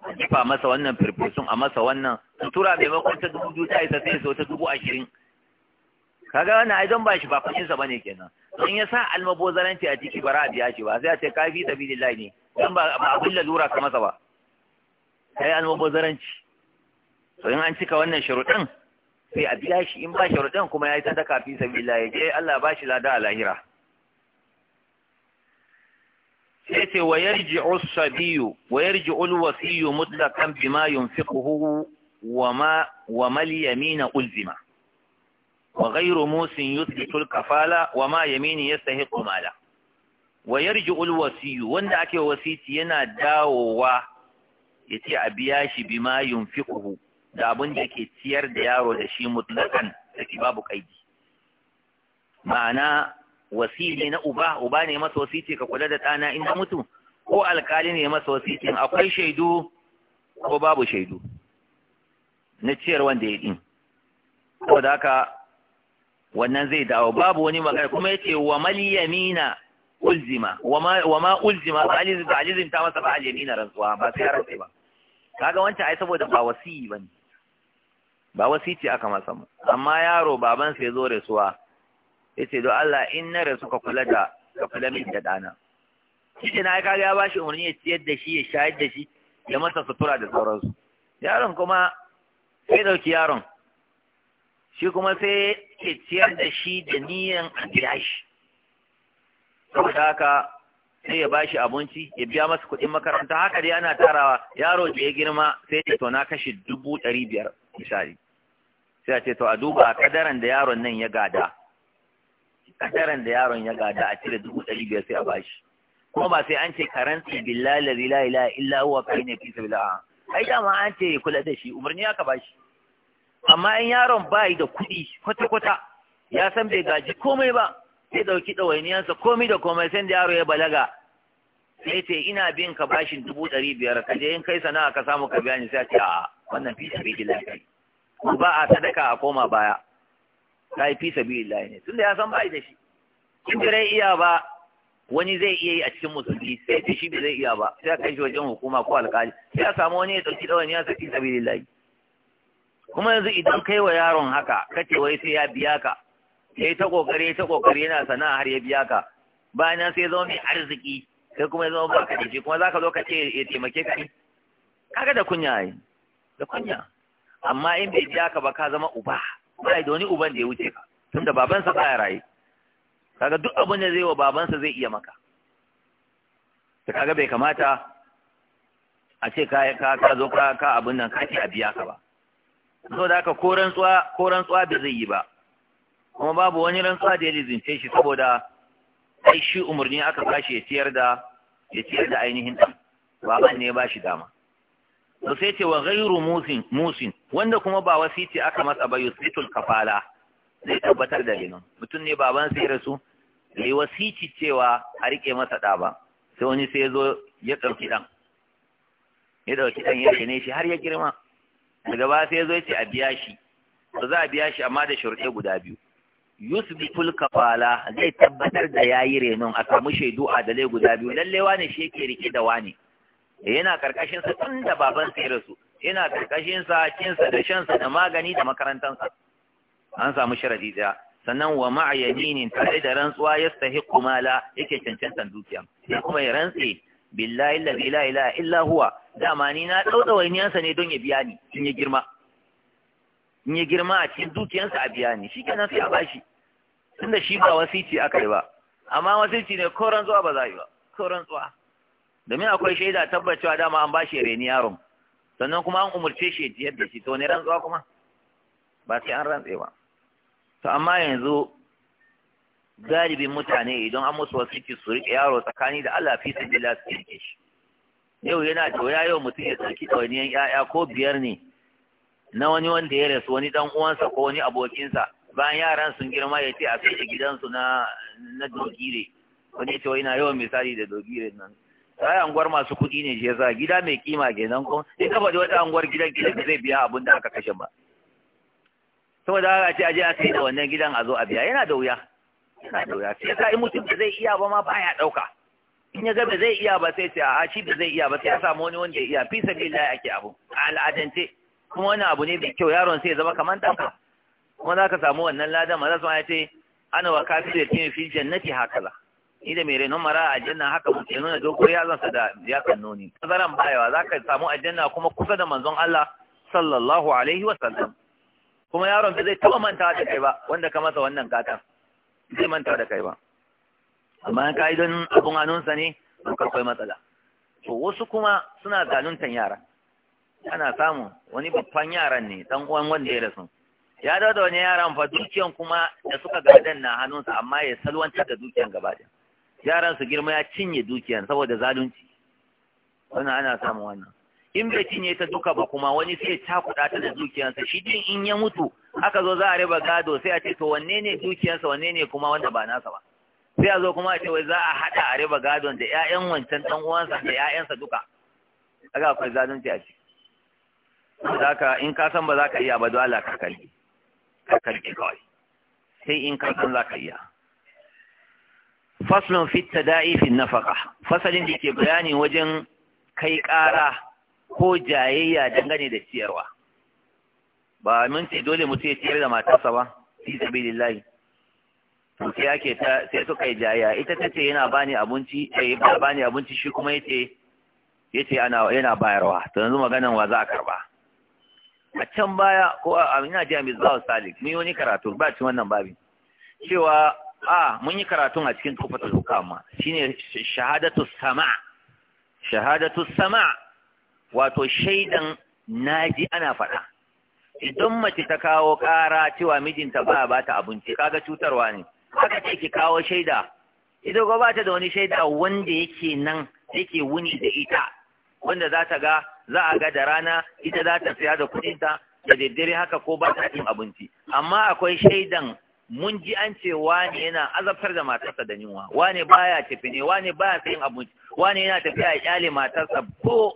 a jifa masa wannan firfirsun a masa wannan sutura maimakon ta dubu biyu ta isa sai so ta dubu ashirin kaga wannan ai don ba shi ba fushinsa ba ne kenan don ya sa almabozaranci a ciki bara a biya shi ba sai a ce kafi lillahi ne don ba abin lalura ka masa ba kai almabozaranci to in an cika wannan sharuɗin sai a biya shi in ba sharuɗin kuma ya yi sadaka fi sabila ya je Allah ba shi lada a lahira sai ce wa yarji'u sabiyu wa yarji'u alwasiyu mutlaqan bima yunfiquhu wa ma wa mal yamina ulzima wa ghayru musin yuthbitu alkafala wa ma yamini yastahiqu mala wa wanda ake wasiti yana dawowa yace a biya shi bima yunfiquhu da abin da ke ciyar da yaro da shi mutlakan saki babu kaidi ma'ana wasili na uba uba ne masa wasiti ka kula da ɗana inda mutu ko alkali ne masa wasitin akwai shaidu ko babu shaidu na ciyar wanda ya ɗin ko da haka wannan zai dawo babu wani magana kuma yake wa mal yamina ulzima wa ma ulzima ba alizim ta masa ba al yamina rantsuwa ba sai rantsi ba kaga wancan ai saboda ba wasi ba ne. ba wasici aka masa mu amma yaro baban sai zo rasuwa yace don Allah in na rasu ka kula da ka kula min da dana shi na kaga ya bashi umarni ya ciyar da shi ya shayar da shi ya masa sutura da sauransu yaron kuma sai dauki yaron shi kuma sai ya ciyar da shi da niyan a shi saboda haka sai ya bashi abinci ya biya masa kuɗin makaranta haka dai ana tarawa yaro da ya girma sai ya tona kashi kashe dubu ɗari biyar misali sai a ce to a duba kadaran da yaron nan ya gada kadaran da yaron ya gada a cire dubu ɗari biyar sai a bashi kuma ba sai an ce karanti billahi la ilaha illa huwa kai ne fi sabila ai dama an ce kula da shi umarni aka bashi amma in yaron bai da kuɗi kwata-kwata ya san bai gaji komai ba sai dauki ɗawainiyansa komai da komai sai da yaro ya balaga sai ce ina bin ka bashin dubu ɗari biyar ka je in kai sana'a ka samu ka biya ni sai ce a wannan fi sabila kai ba a sadaka a koma baya ta yi fi sabilillahi ne tunda ya san ba'a da shi in dai iya ba wani zai iya yi a cikin musulmi sai ta shi zai iya ba sai a kai shi wajen hukuma ko alkali sai a samu wani ya ɗauki ɗawani ya saki sabilillahi kuma yanzu idan kai wa yaron haka kace wai sai ya biya ka sai ta kokari ta kokari yana sana'a har ya biya ka bayan nan sai ya zama mai arziki sai kuma ya zama ba ka ce, kuma ka zo ka ce ya taimake ka kaga da kunya yi da kunya amma in bai biya ka ba ka zama uba ba da wani uban da ya wuce ka tunda babansa baya raye kaga duk abin da zai wa babansa zai iya maka ta kaga bai kamata a ce ka ka ka zo ka ka abin nan ka ce a biya ka ba so da haka ko rantsuwa ko rantsuwa bai zai yi ba kuma babu wani rantsuwa da ya lizince shi saboda ai shi umarni aka shi ya ciyar da ya ciyar da ainihin ɗan baban ne ya shi dama to sai ce wa ghairu musin musin wanda kuma ba wasiti aka masa ba yusitul kafala zai tabbatar da ginin mutum ne baban sai rasu yayi wasiti cewa a rike masa da ba sai wani sai ya zo ya ɗauki ɗan ya ɗauki ɗan ya rene shi har ya girma daga ba sai ya zo ya ce a biya shi to za a biya shi amma da shurɗe guda biyu yusbitul kafala zai tabbatar da yayi renon a samu shaidu a dalai guda biyu lalle wane shi yake rike da wane eh, yana karkashin sa tun da baban sai rasu yana karkashin sa cin sa da shan sa da magani da makarantan sa an samu sharadi daya sannan wa ma'a tare da rantsuwa yastahiqu mala yake cancantan dukiya sai kuma ya rantse billahi la ilaha illa huwa dama ni na dauda sa ne don ya biya ni in ya girma in ya girma a cikin sa a biya ni shikenan sai a bashi tunda shi ba wasiti aka yi ba amma wasiti ne ko rantsuwa ba za yi ba ko rantsuwa domin akwai shaida tabbacewa dama an bashi reni yaron sannan kuma an umarce shi ya da shi to wani rantsuwa kuma ba sai an rantse ba to amma yanzu galibin mutane idan an musu wasu ciki su riƙe yaro tsakani da Allah fi sabila su riƙe shi yau yana wuya yau mutum ya tsarki ɗawainiyan 'ya'ya ko biyar ne na wani wanda ya rasu wani ɗan uwansa ko wani abokinsa bayan yaran sun girma ya ce a kai gidansu na na dogire wani ya ce wai na yawan misali da dogire nan ai anguwar masu kuɗi ne shi yasa gida mai kima kenan ko sai ka faɗi wata anguwar gidan gidan da zai biya abin da aka kashe ba saboda haka ce aje a sai da wannan gidan a zo a biya yana da wuya yana da wuya sai ka in mutum da zai iya ba ma baya ɗauka in ya ga ba zai iya ba sai ce a shi ba zai iya ba sai ya samu wani wanda ya iya fi sabilillahi ake abu a al'adance kuma wani abu ne mai kyau yaron sai ya zama kamar ɗanka kuma za ka samu wannan ladan ma za su ma ya ce ana wa kafin da fi jannati la. ni da mai renon mara aljanna haka muke nuna dogon zansa da ya kannoni tazaran bayawa za ka samu aljanna kuma kusa da manzon Allah sallallahu alaihi wa sallam kuma yaron da zai taba mantawa da kai ba wanda ka masa wannan gata zai manta da kai ba amma ka yi don abun hannunsa ne ka koi matsala to wasu kuma suna zaluntan yara ana samu wani babban yaran ne dan uwan wanda ya rasu ya dawo da wani yaran fa dukiyan kuma da suka gadan na hannunsa amma ya salwantar da dukiyan gaba ɗaya yaran su girma ya cinye dukiyar saboda zalunci wannan ana samun wannan in bai cinye ta duka ba kuma wani sai ya cakuɗa ta da dukiyarsa shi din in ya mutu aka zo za a riba gado sai a ce to wanne ne dukiyarsa wanne ne kuma wanda ba nasa ba sai a zo kuma a ce wai za a haɗa a riba gadon da ƴaƴan wancan ɗan uwansa da ƴaƴansa duka kaga akwai zalunci a ciki zaka in ka san ba za ka iya ba dole ka kalli ka kalli kawai sai in ka san za ka iya faslun fit tada'i fi nafaqa fasalin da ke bayani wajen kai ƙara ko jayayya dangane da ciyarwa ba mun ce dole mutum ya ciyar da matarsa ba fi sabilillahi to sai ake ta sai suka yi jayayya ita ta ce yana bani abinci eh ba bani abinci shi kuma yace yace ana yana bayarwa to yanzu maganan wa za a karba a can baya ko a ina ji a salik mun yi wani karatu ba ci wannan babin cewa a mun yi karatun a cikin tufatul hukama ne shahadatu sama shahadatu sama wato shaidan naji ana faɗa idan mace ta kawo ƙara cewa mijinta ba ba ta abinci kaga cutarwa ne haka ce ki kawo shaida idan ko ba ta da wani shaida wanda yake nan yake wuni da ita wanda za ta ga za a ga da rana ita za ta siya da kuɗinta da daddare haka ko ba ta cin abinci amma akwai shaidan mun ji an ce wane yana azabtar da matarsa da yunwa wane baya tafi ne wane baya sayin abinci wane yana tafiya ya kyale matarsa ko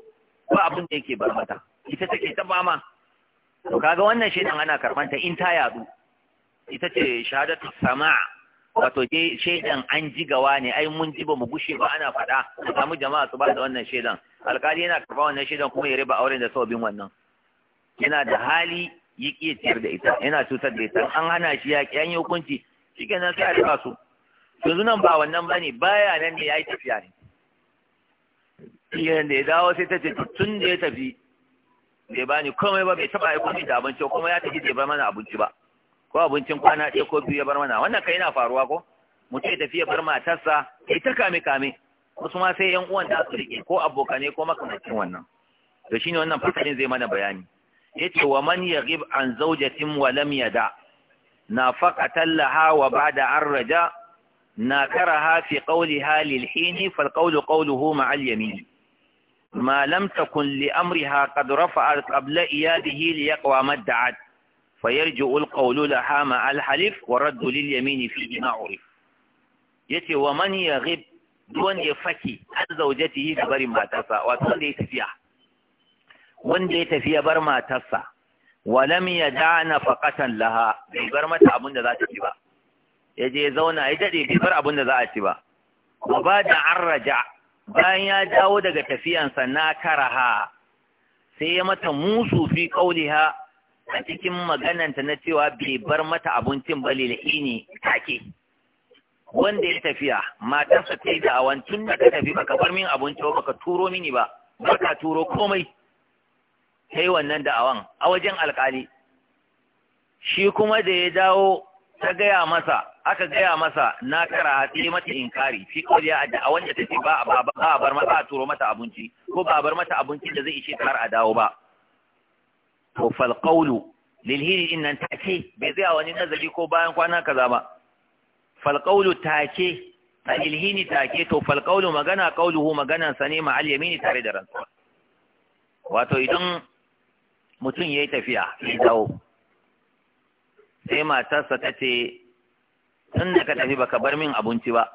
ba abin da yake bar mata ita take ta ma to kaga wannan shaidan ana karban ta in ta yadu ita ce shahadatu sama wato dai shaidan an ji gawa ne ai mun ji ba mu gushe ba ana faɗa mu samu jama'a su ba da wannan shaidan alkali yana karban wannan shaidan kuma ya riba auren da bin wannan yana da hali Yi kiyar ciyar da ita yana cutar da ita an hana shi yaƙi, an yi hukunci shi nan sai a riba su yanzu nan ba wannan ba ne baya nan ne ya yi tafiya ne shi nan da ya dawo sai ta ce tun da ya tafi bai ba ni komai ba bai taɓa ya kunci da abinci kuma ya tafi bai bar mana abinci ba ko abincin kwana ɗaya ko biyu ya bar mana wannan kai yana faruwa ko mutum ya tafi ya bar matarsa ya ta kame kame wasu ma sai yan uwan da su rike ko abokanai ko makamancin wannan to shine wannan fasalin zai mana bayani yace wa man yaghib an zawjatin wa lam yada nafaqatan laha ناكرها في قولها للحين فالقول قوله مع اليمين ما لم تكن لأمرها قد رفعت قبل إياده ليقوى ما ادعت فيرجع القول لها مع الحلف ورد لليمين فيه ما عرف يتي ومن يغب دون يفكي عن زوجته كبر ما تسا وتون دي تفيا wanda ya tafi ya bar matarsa walam ya dana nafaqatan laha bai bar mata abin da za ta ci ba ya je zauna ya daɗe bai bar abin da za a ci ba wa ba da arraja, bayan ya dawo daga tafiyansa na karaha sai ya mata musu fi qauliha a cikin magananta na cewa bai bar mata abincin ba lil'ini take wanda ya tafiya matarsa ta yi da'awan tun da ka tafi baka bar min abinci ba baka turo mini ba baka turo komai ta yi wannan da'awan a wajen alkali shi kuma da ya dawo ta gaya masa aka gaya masa na kara tsaye mata inkari shi kawai ya adda a wanda ta ce ba a bar mata a turo mata abinci ko ba a bar mata abinci da zai ishe ta har a dawo ba to fal lilhini lil nan take bai zai a wani nazari ko bayan kwana kaza ba fal qawlu take lil ta take to fal magana qawluhu magana sa ne ma yamini tare da rantsuwa wato idan mutum ya yi tafiya ya dawo sai matarsa ta ce tun da ka tafi baka bar min abinci ba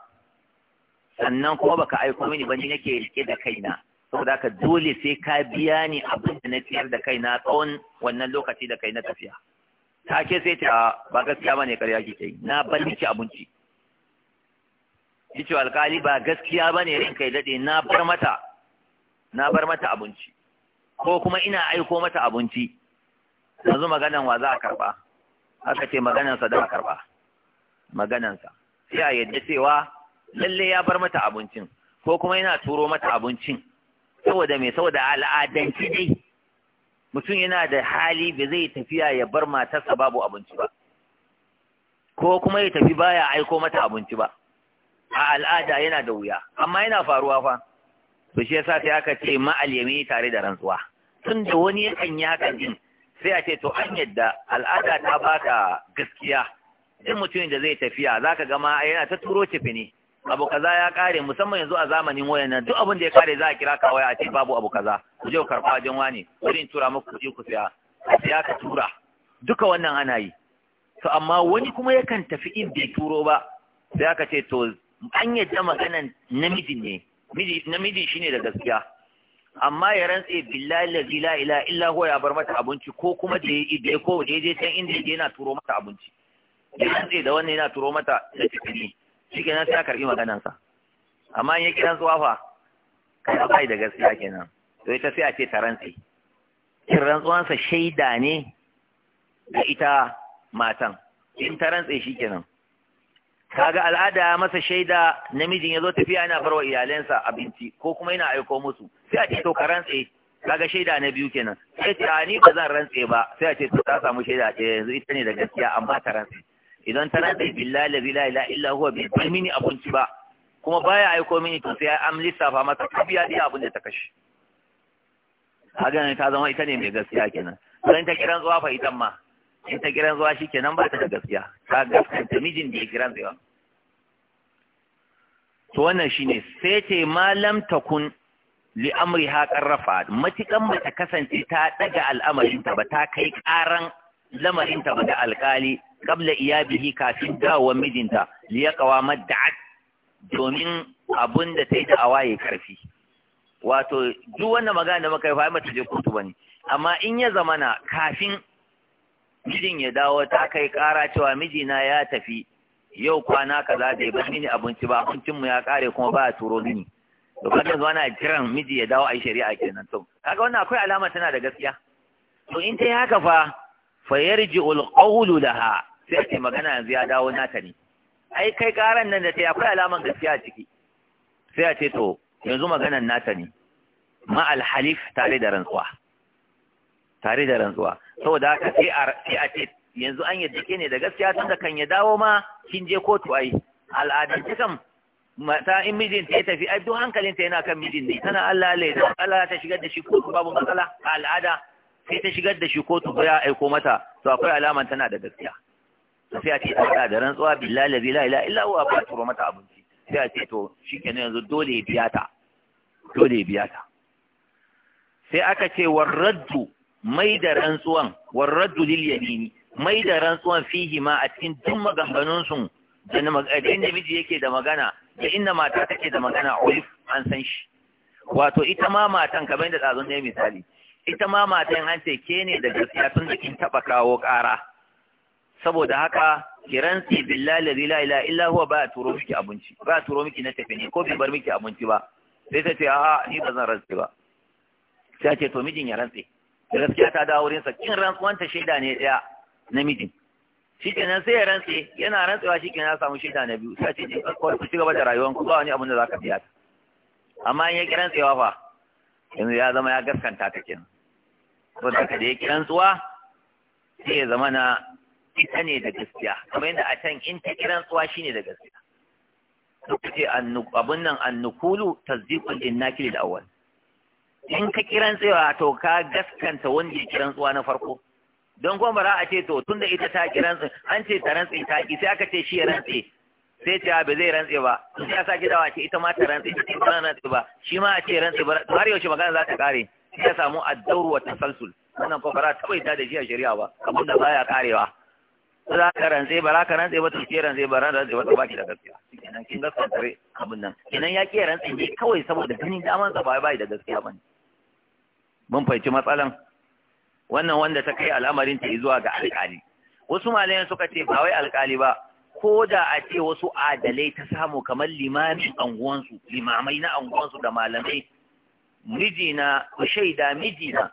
sannan kuma baka aiko mini bane nake rike da kaina saboda haka dole sai ka biya ni abin da na ciyar da kaina tsawon wannan lokaci da kai na tafiya ta ke sai ta ba gaskiya bane karya kike na bar miki abinci yace alkali ba gaskiya bane rinka ya dade na bar mata na bar mata abinci ko kuma ina aiko mata abinci yanzu maganan wa za a karba aka ce maganansa da a karba maganansa sai a yadda cewa lalle ya bar mata abincin ko kuma yana turo mata abincin saboda mai saboda al'adanci dai mutum yana da hali ba zai tafiya ya bar matarsa babu abinci ba ko kuma ya tafi baya aiko mata abinci ba a al'ada yana da wuya amma yana faruwa fa to shi yasa sai aka ce ma'al yamini tare da rantsuwa tun da wani yakan yi haka din sai a ce to an yadda al'ada ta baka gaskiya in mutumin da zai tafiya zaka ga ma yana ta turo tafi ne abu kaza ya kare musamman yanzu a zamanin wayan nan duk abin da ya kare za a kira ka waya a ce babu abu kaza ku je ku karɓa wajen wani wurin tura muku kuɗi ku siya a siya ka tura duka wannan ana yi to amma wani kuma yakan tafi in bai turo ba sai aka ce to an yadda maganan namiji ne namiji shine da gaskiya amma ya rantse billahi lazi la ila illa huwa ya bar mata abinci ko kuma da yi da ko da je can inda je yana turo mata abinci ya rantse da wannan yana turo mata da cikin shikenan ta karbi maganan sa amma in ya kiran su wafa kai bai da gaskiya kenan to ita sai a ce ta rantse kin rantsuwansa shaida ne da ita matan in ta rantse shikenan kaga al'ada ya masa shaida namijin ya zo tafiya yana farwa iyalansa abinci ko kuma yana aiko musu sai a ce to ka rantse kaga shaida na biyu kenan sai ce a ni ba zan rantse ba sai a ce to ta samu shaida ce yanzu ita ne da gaskiya amma ta rantse idan ta rantse billahi la ilaha illa huwa bi mini abinci ba kuma baya aiko mini to sai am lissafa masa biya dai abin da ta kashe kaga ne ta zama ita ne mai gaskiya kenan sai ta kiran zuwa fa ita ma in ta kiran zuwa kenan ba ta da gaskiya ta gaskanta mijin da ya kiran zuwa to wannan shine sai ce malam takun li amri ha qarrafa matikan bata kasance ta ɗaga al'amarin ta ba ta kai ƙaran lamarin ta ba da alkali qabla iyabihi kafin dawo mijinta li yaqwa madda'at domin abun da ta yi da awaye karfi wato duk wannan magana da muka yi fa ta je kotu bane amma in ya zamana kafin mijin ya dawo ta kai kara cewa mijina ya tafi yau kwana ta yi ba mini abinci ba abincinmu ya kare kuma ba turo mini to kaga yanzu ana jiran miji ya dawo yi shari'a kenan to kaga wannan akwai alama tana da gaskiya to in ta yi haka fa fa Yarji ul qawlu laha sai ce magana yanzu ya dawo naka ne ai kai karan nan da ta akwai alaman gaskiya a ciki sai a ce to yanzu maganan nata ne ma alhalif tare da rantsuwa tare da rantsuwa saboda haka sai a ce yanzu an yadda ke ne da gaskiya tun da kan ya dawo ma kin je kotu ai al'adance cikin mata in mijinta ya tafi ai duk hankalinta yana kan mijin ne tana Allah Allah da Allah ta shigar da shi kotu babu matsala al'ada sai ta shigar da shi kotu ba ya aiko mata to akwai alaman tana da gaskiya sai a ce ta da rantsuwa billahi la ilaha illa wa ba turo mata abinci sai a ce to shikenan yanzu dole ya biya ta dole ya biya ta sai aka ce warraddu mai da rantsuwan warraddu lil yamini mai da rantsuwan fihi ma a cikin duk maganganunsu da inda miji yake da magana da inda mata take da magana olif an san shi wato ita ma matan kamar da tsazon ne misali ita ma matan an ce ke ne da gaskiya tun da kin taba kawo ƙara saboda haka ki rantsi billahi la ilaha illa huwa ba turo miki abinci ba turo miki na tafi ne ko bai bar miki abinci ba sai ta ce a'a ni ba zan rantsi ba sai ce to mijin ya rantsi gaskiya ta dawo wurin sa kin rantsuwanta shaida ne daya namijin shi nan sai ya rantse yana rantsewa shi kenan ya samu shida na biyu sai ce ku ci gaba da rayuwar ku ba wani abin da za ka biya ta amma in ya ki rantsewa fa yanzu ya zama ya gaskanta ta kenan ko da ka da ya rantsuwa sai ya zama na ita ne da gaskiya kamar yadda a can in ta ki rantsuwa shi ne da gaskiya Duk ce abin nan annukulu tasdiqul innakil da awwal in ka kiran tsewa to ka gaskanta wanda ya kiran tsuwa na farko don kuma ba a ce to tun da ita ta ki rantsi an ce ta rantsi ta ki sai aka ce shi ya rantsi sai ce ah, ba zai rantsi ba sai ya saki dawa ce ita ma ta rantsi ta ce ba rantsi ba shi ma a ce rantsi ba har yaushe magana za ta kare sai ya samu addauru wa tasalsul wannan ko bara ta baita da shi a shari'a ba kamar da baya karewa za ka rantsi ba za ka rantsi ba to ke rantsi ba rantsi ba to ba ki da gaskiya kenan kin ga tsare abin nan kenan ya ke rantsi ne kawai saboda ganin daman sa ba bai da gaskiya ne mun fahimci matsalan wannan wanda ta kai al'amarin ta zuwa ga alƙali wasu malayan suka ce ba wai alƙali ba ko da a ce wasu adalai ta samu kamar limamin anguwansu limamai na anguwansu da malamai miji na shaida mijina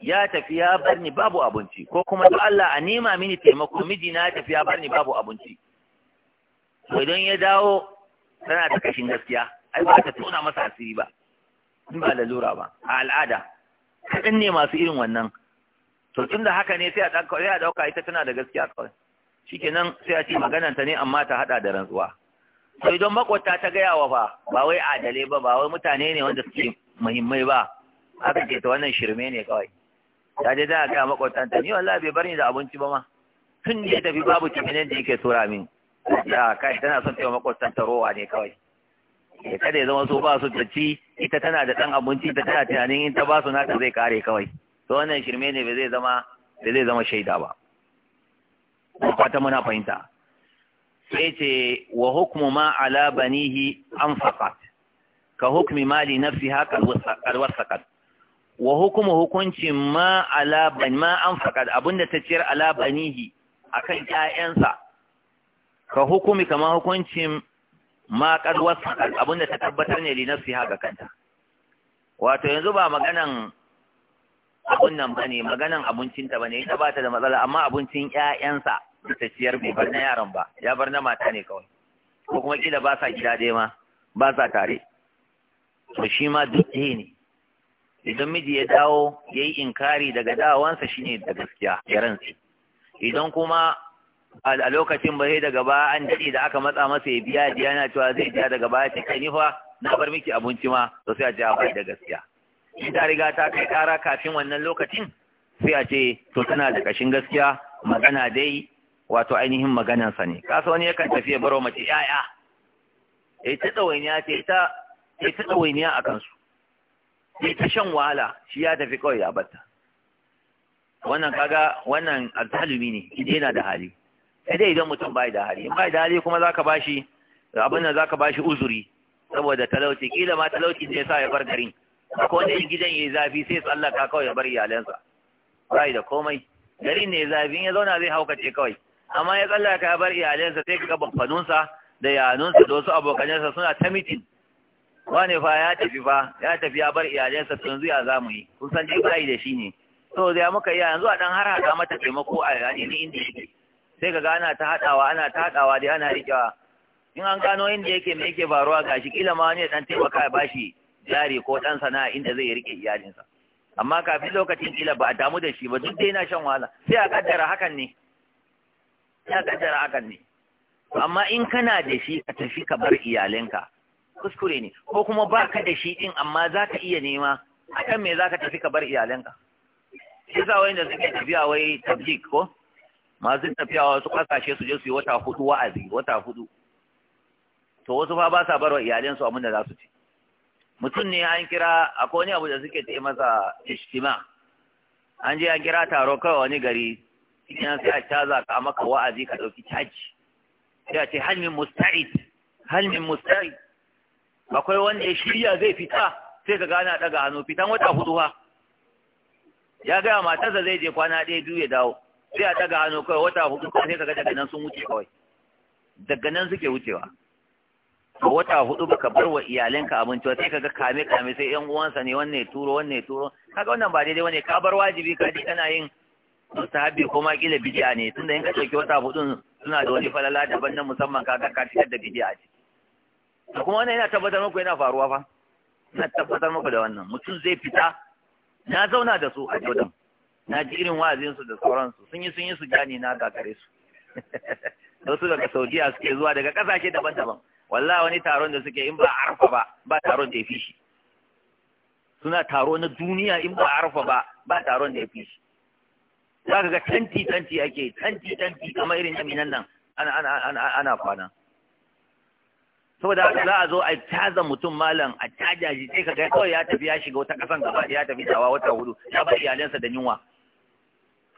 ya tafi ya bar babu abinci ko kuma duk Allah a nema mini taimako mijina ya tafi ya bar ni babu abinci to idan ya dawo tana da kashin gaskiya ai ba ta tona masa asiri ba in ba lalura ba a al'ada kaɗan ne masu irin wannan to tun da haka ne sai a ɗauka ita tana da gaskiya kawai shikenan sai a ce magananta ne amma ta haɗa da rantsuwa to idan makwata ta gaya wa fa ba wai adale ba ba wai mutane ne wanda suke muhimmai ba haka ke ta wannan shirme ne kawai ta je gaya ga ta. ni wallahi bai bar ni da abinci ba ma tun da tafi babu tunanin da yake tura min ya kai tana son ta makwatanta rowa ne kawai ya kada ya zama so ba su ta ci ita tana da ɗan abinci ta tana tunanin in ta ba su nata zai kare kawai to wannan shirme ne ba zai zama ba zai zama shaida ba fata muna fahimta sai ce wa hukmu ma ala banihi anfaqat ka hukmi mali nafsiha kalwar sakat wa hukumu hukuncin ma ala ban ma anfaqat abinda ta ciyar ala banihi akan ƴaƴansa ka hukumi kama hukuncin ma kalwar sakat abinda ta tabbatar ne li nafsiha ga kanta wato yanzu ba maganan abun nan bane maganan abincinta bane ita ba ta da matsala amma abincin ƴaƴansa da ta ciyar bai bar na yaron ba ya bar na mata ne kawai ko kuma kila ba sa gida dai ma ba sa tare to shi ma duk ɗaya ne idan miji ya dawo ya yi inkari daga dawansa ne da gaskiya ya rantsi idan kuma a lokacin ba sai daga ba an daɗe da aka matsa masa ya biya diya cewa zai biya daga baya ce kai ni fa na bar miki abinci ma to sai a ji a bai da gaskiya in ta riga ta kai ƙara kafin wannan lokacin sai a ce to tana da ƙashin gaskiya magana dai wato ainihin maganansa ne kasa wani yakan tafi ya baro mace ya'ya ya ta ta ɗawainiya a kansu ya ta shan wahala shi ya tafi kawai ya batta wannan kaga wannan alhalumi ne idan yana da hali sai dai idan mutum bai da hali bai da hali kuma zaka bashi abin nan zaka bashi uzuri saboda talauci kila ma talauci ne sa ya bar garin ko wanda gidan yayi zafi sai tsallaka kawai ya bar iyalansa bai da komai garin ne zafi ya zauna zai haukace kawai amma ya tsallaka ya bar iyalansa sai ka ga babbanunsa da yanunsa da wasu abokanansa suna ta mitin wane fa ya tafi fa ya tafi ya bar iyalansa tun zuya mu yi kun san ji bai da shi ne to da muka yi yanzu a dan har haka mata taimako a ni inda yake sai ga ana ta hadawa ana ta hadawa dai ana rikewa in an gano inda yake me yake faruwa gashi kila ma wani ya dan taimaka ya bashi jari ko ɗan sana'a inda zai rike iyalinsa amma kafin lokacin kila ba a damu da shi ba duk da yana shan wahala sai a kaddara hakan ne sai a kaddara hakan ne amma in kana da shi ka tafi ka bar iyalinka kuskure ne ko kuma ba ka da shi din amma za ka iya nema A kan me za ka tafi ka bar iyalinka shi sa wayan da suke tafiya wai tabjik ko masu tafiya wasu kasashe su je su yi wata hudu wa'azi wata hudu to wasu fa ba sa barwa iyalinsu abin da za su ci mutum ne an kira akwai wani abu da suke ce masa ishtima an je an kira taro kawai wani gari idan sai a caza ka maka wa'azi ka ɗauki caji sai a ce halmin musta'id halmin musta'id akwai wanda ya shirya zai fita sai ka gana daga hannu fitan wata hudu ha ya gaya matarsa zai je kwana ɗaya biyu ya dawo sai a daga hannu kawai wata hudu sai ka ga daga nan sun wuce kawai daga nan suke wucewa a wata hudu baka bar wa iyalanka abinci sai kaga kame kame sai yan uwansa ne wanne turo wanne turo kaga wannan ba daidai bane ka bar wajibi ka ji kana yin sahabi ko kila bid'a ne tunda in ka dauki wata hudu suna da wani falala daban na musamman kaga ka cikar da bid'a ce kuma wannan yana tabbatar muku yana faruwa fa ina tabbatar muku da wannan mutum zai fita na zauna da su a jodan. na ji irin su da sauransu sun yi sun yi su gani na gagare su wasu daga Saudiya suke zuwa daga kasashe daban-daban Walla wani taron da suke in ba arfa ba ba taron da ya fi shi suna taro na duniya in ba arfa ba ba taron da ya fi shi za ka ga tanti tanti ake tanti tanti kamar irin jami'an nan ana ana ana kwana saboda haka za a zo a caza mutum malam a caja shi sai ka ga kawai ya tafi ya shiga wata kasan gaba ya tafi dawa wata hudu ya bar iyalansa da yunwa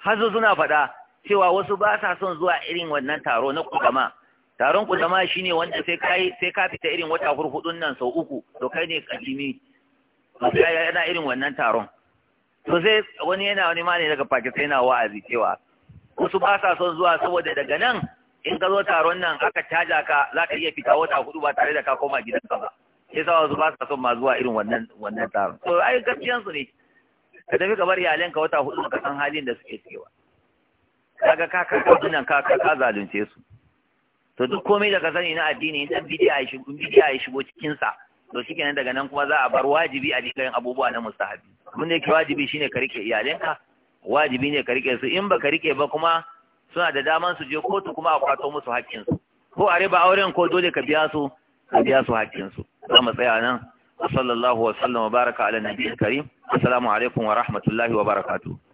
har suna faɗa cewa wasu ba sa son zuwa irin wannan taro na kudama taron ulama shine wanda sai kai sai ka fita irin wata hurhudun nan sau uku to kai ne kadimi to sai yana irin wannan taron to sai wani yana wani mali daga Pakistan yana wa'azi cewa wasu ba sa son zuwa saboda daga nan in ka zo taron nan aka caja ka za ka iya fita wata hudu ba tare da ka koma gidanka ba sai sa wasu ba sa son ma zuwa irin wannan wannan taron to ai gaskiyan su ne ka tafi ka bar iyalanka wata hudu ka san halin da suke cewa kaga ka ka ka ka zalunce su to duk komai daga sani na addini in dan bidiya ya shigo bidiya ya shigo cikin sa to shikenan daga nan kuma za a bar wajibi a cikin abubuwa na mustahabi mun ne ke wajibi shine ka rike iyalinka wajibi ne ka rike su in ba ka rike ba kuma suna da daman su je kotu kuma a kwato musu haƙƙin su ko a riba auren ko dole ka biya su ka biya su haƙƙin su za mu tsaya nan sallallahu wa sallam baraka ala nabiyil karim assalamu alaikum wa rahmatullahi wa barakatuh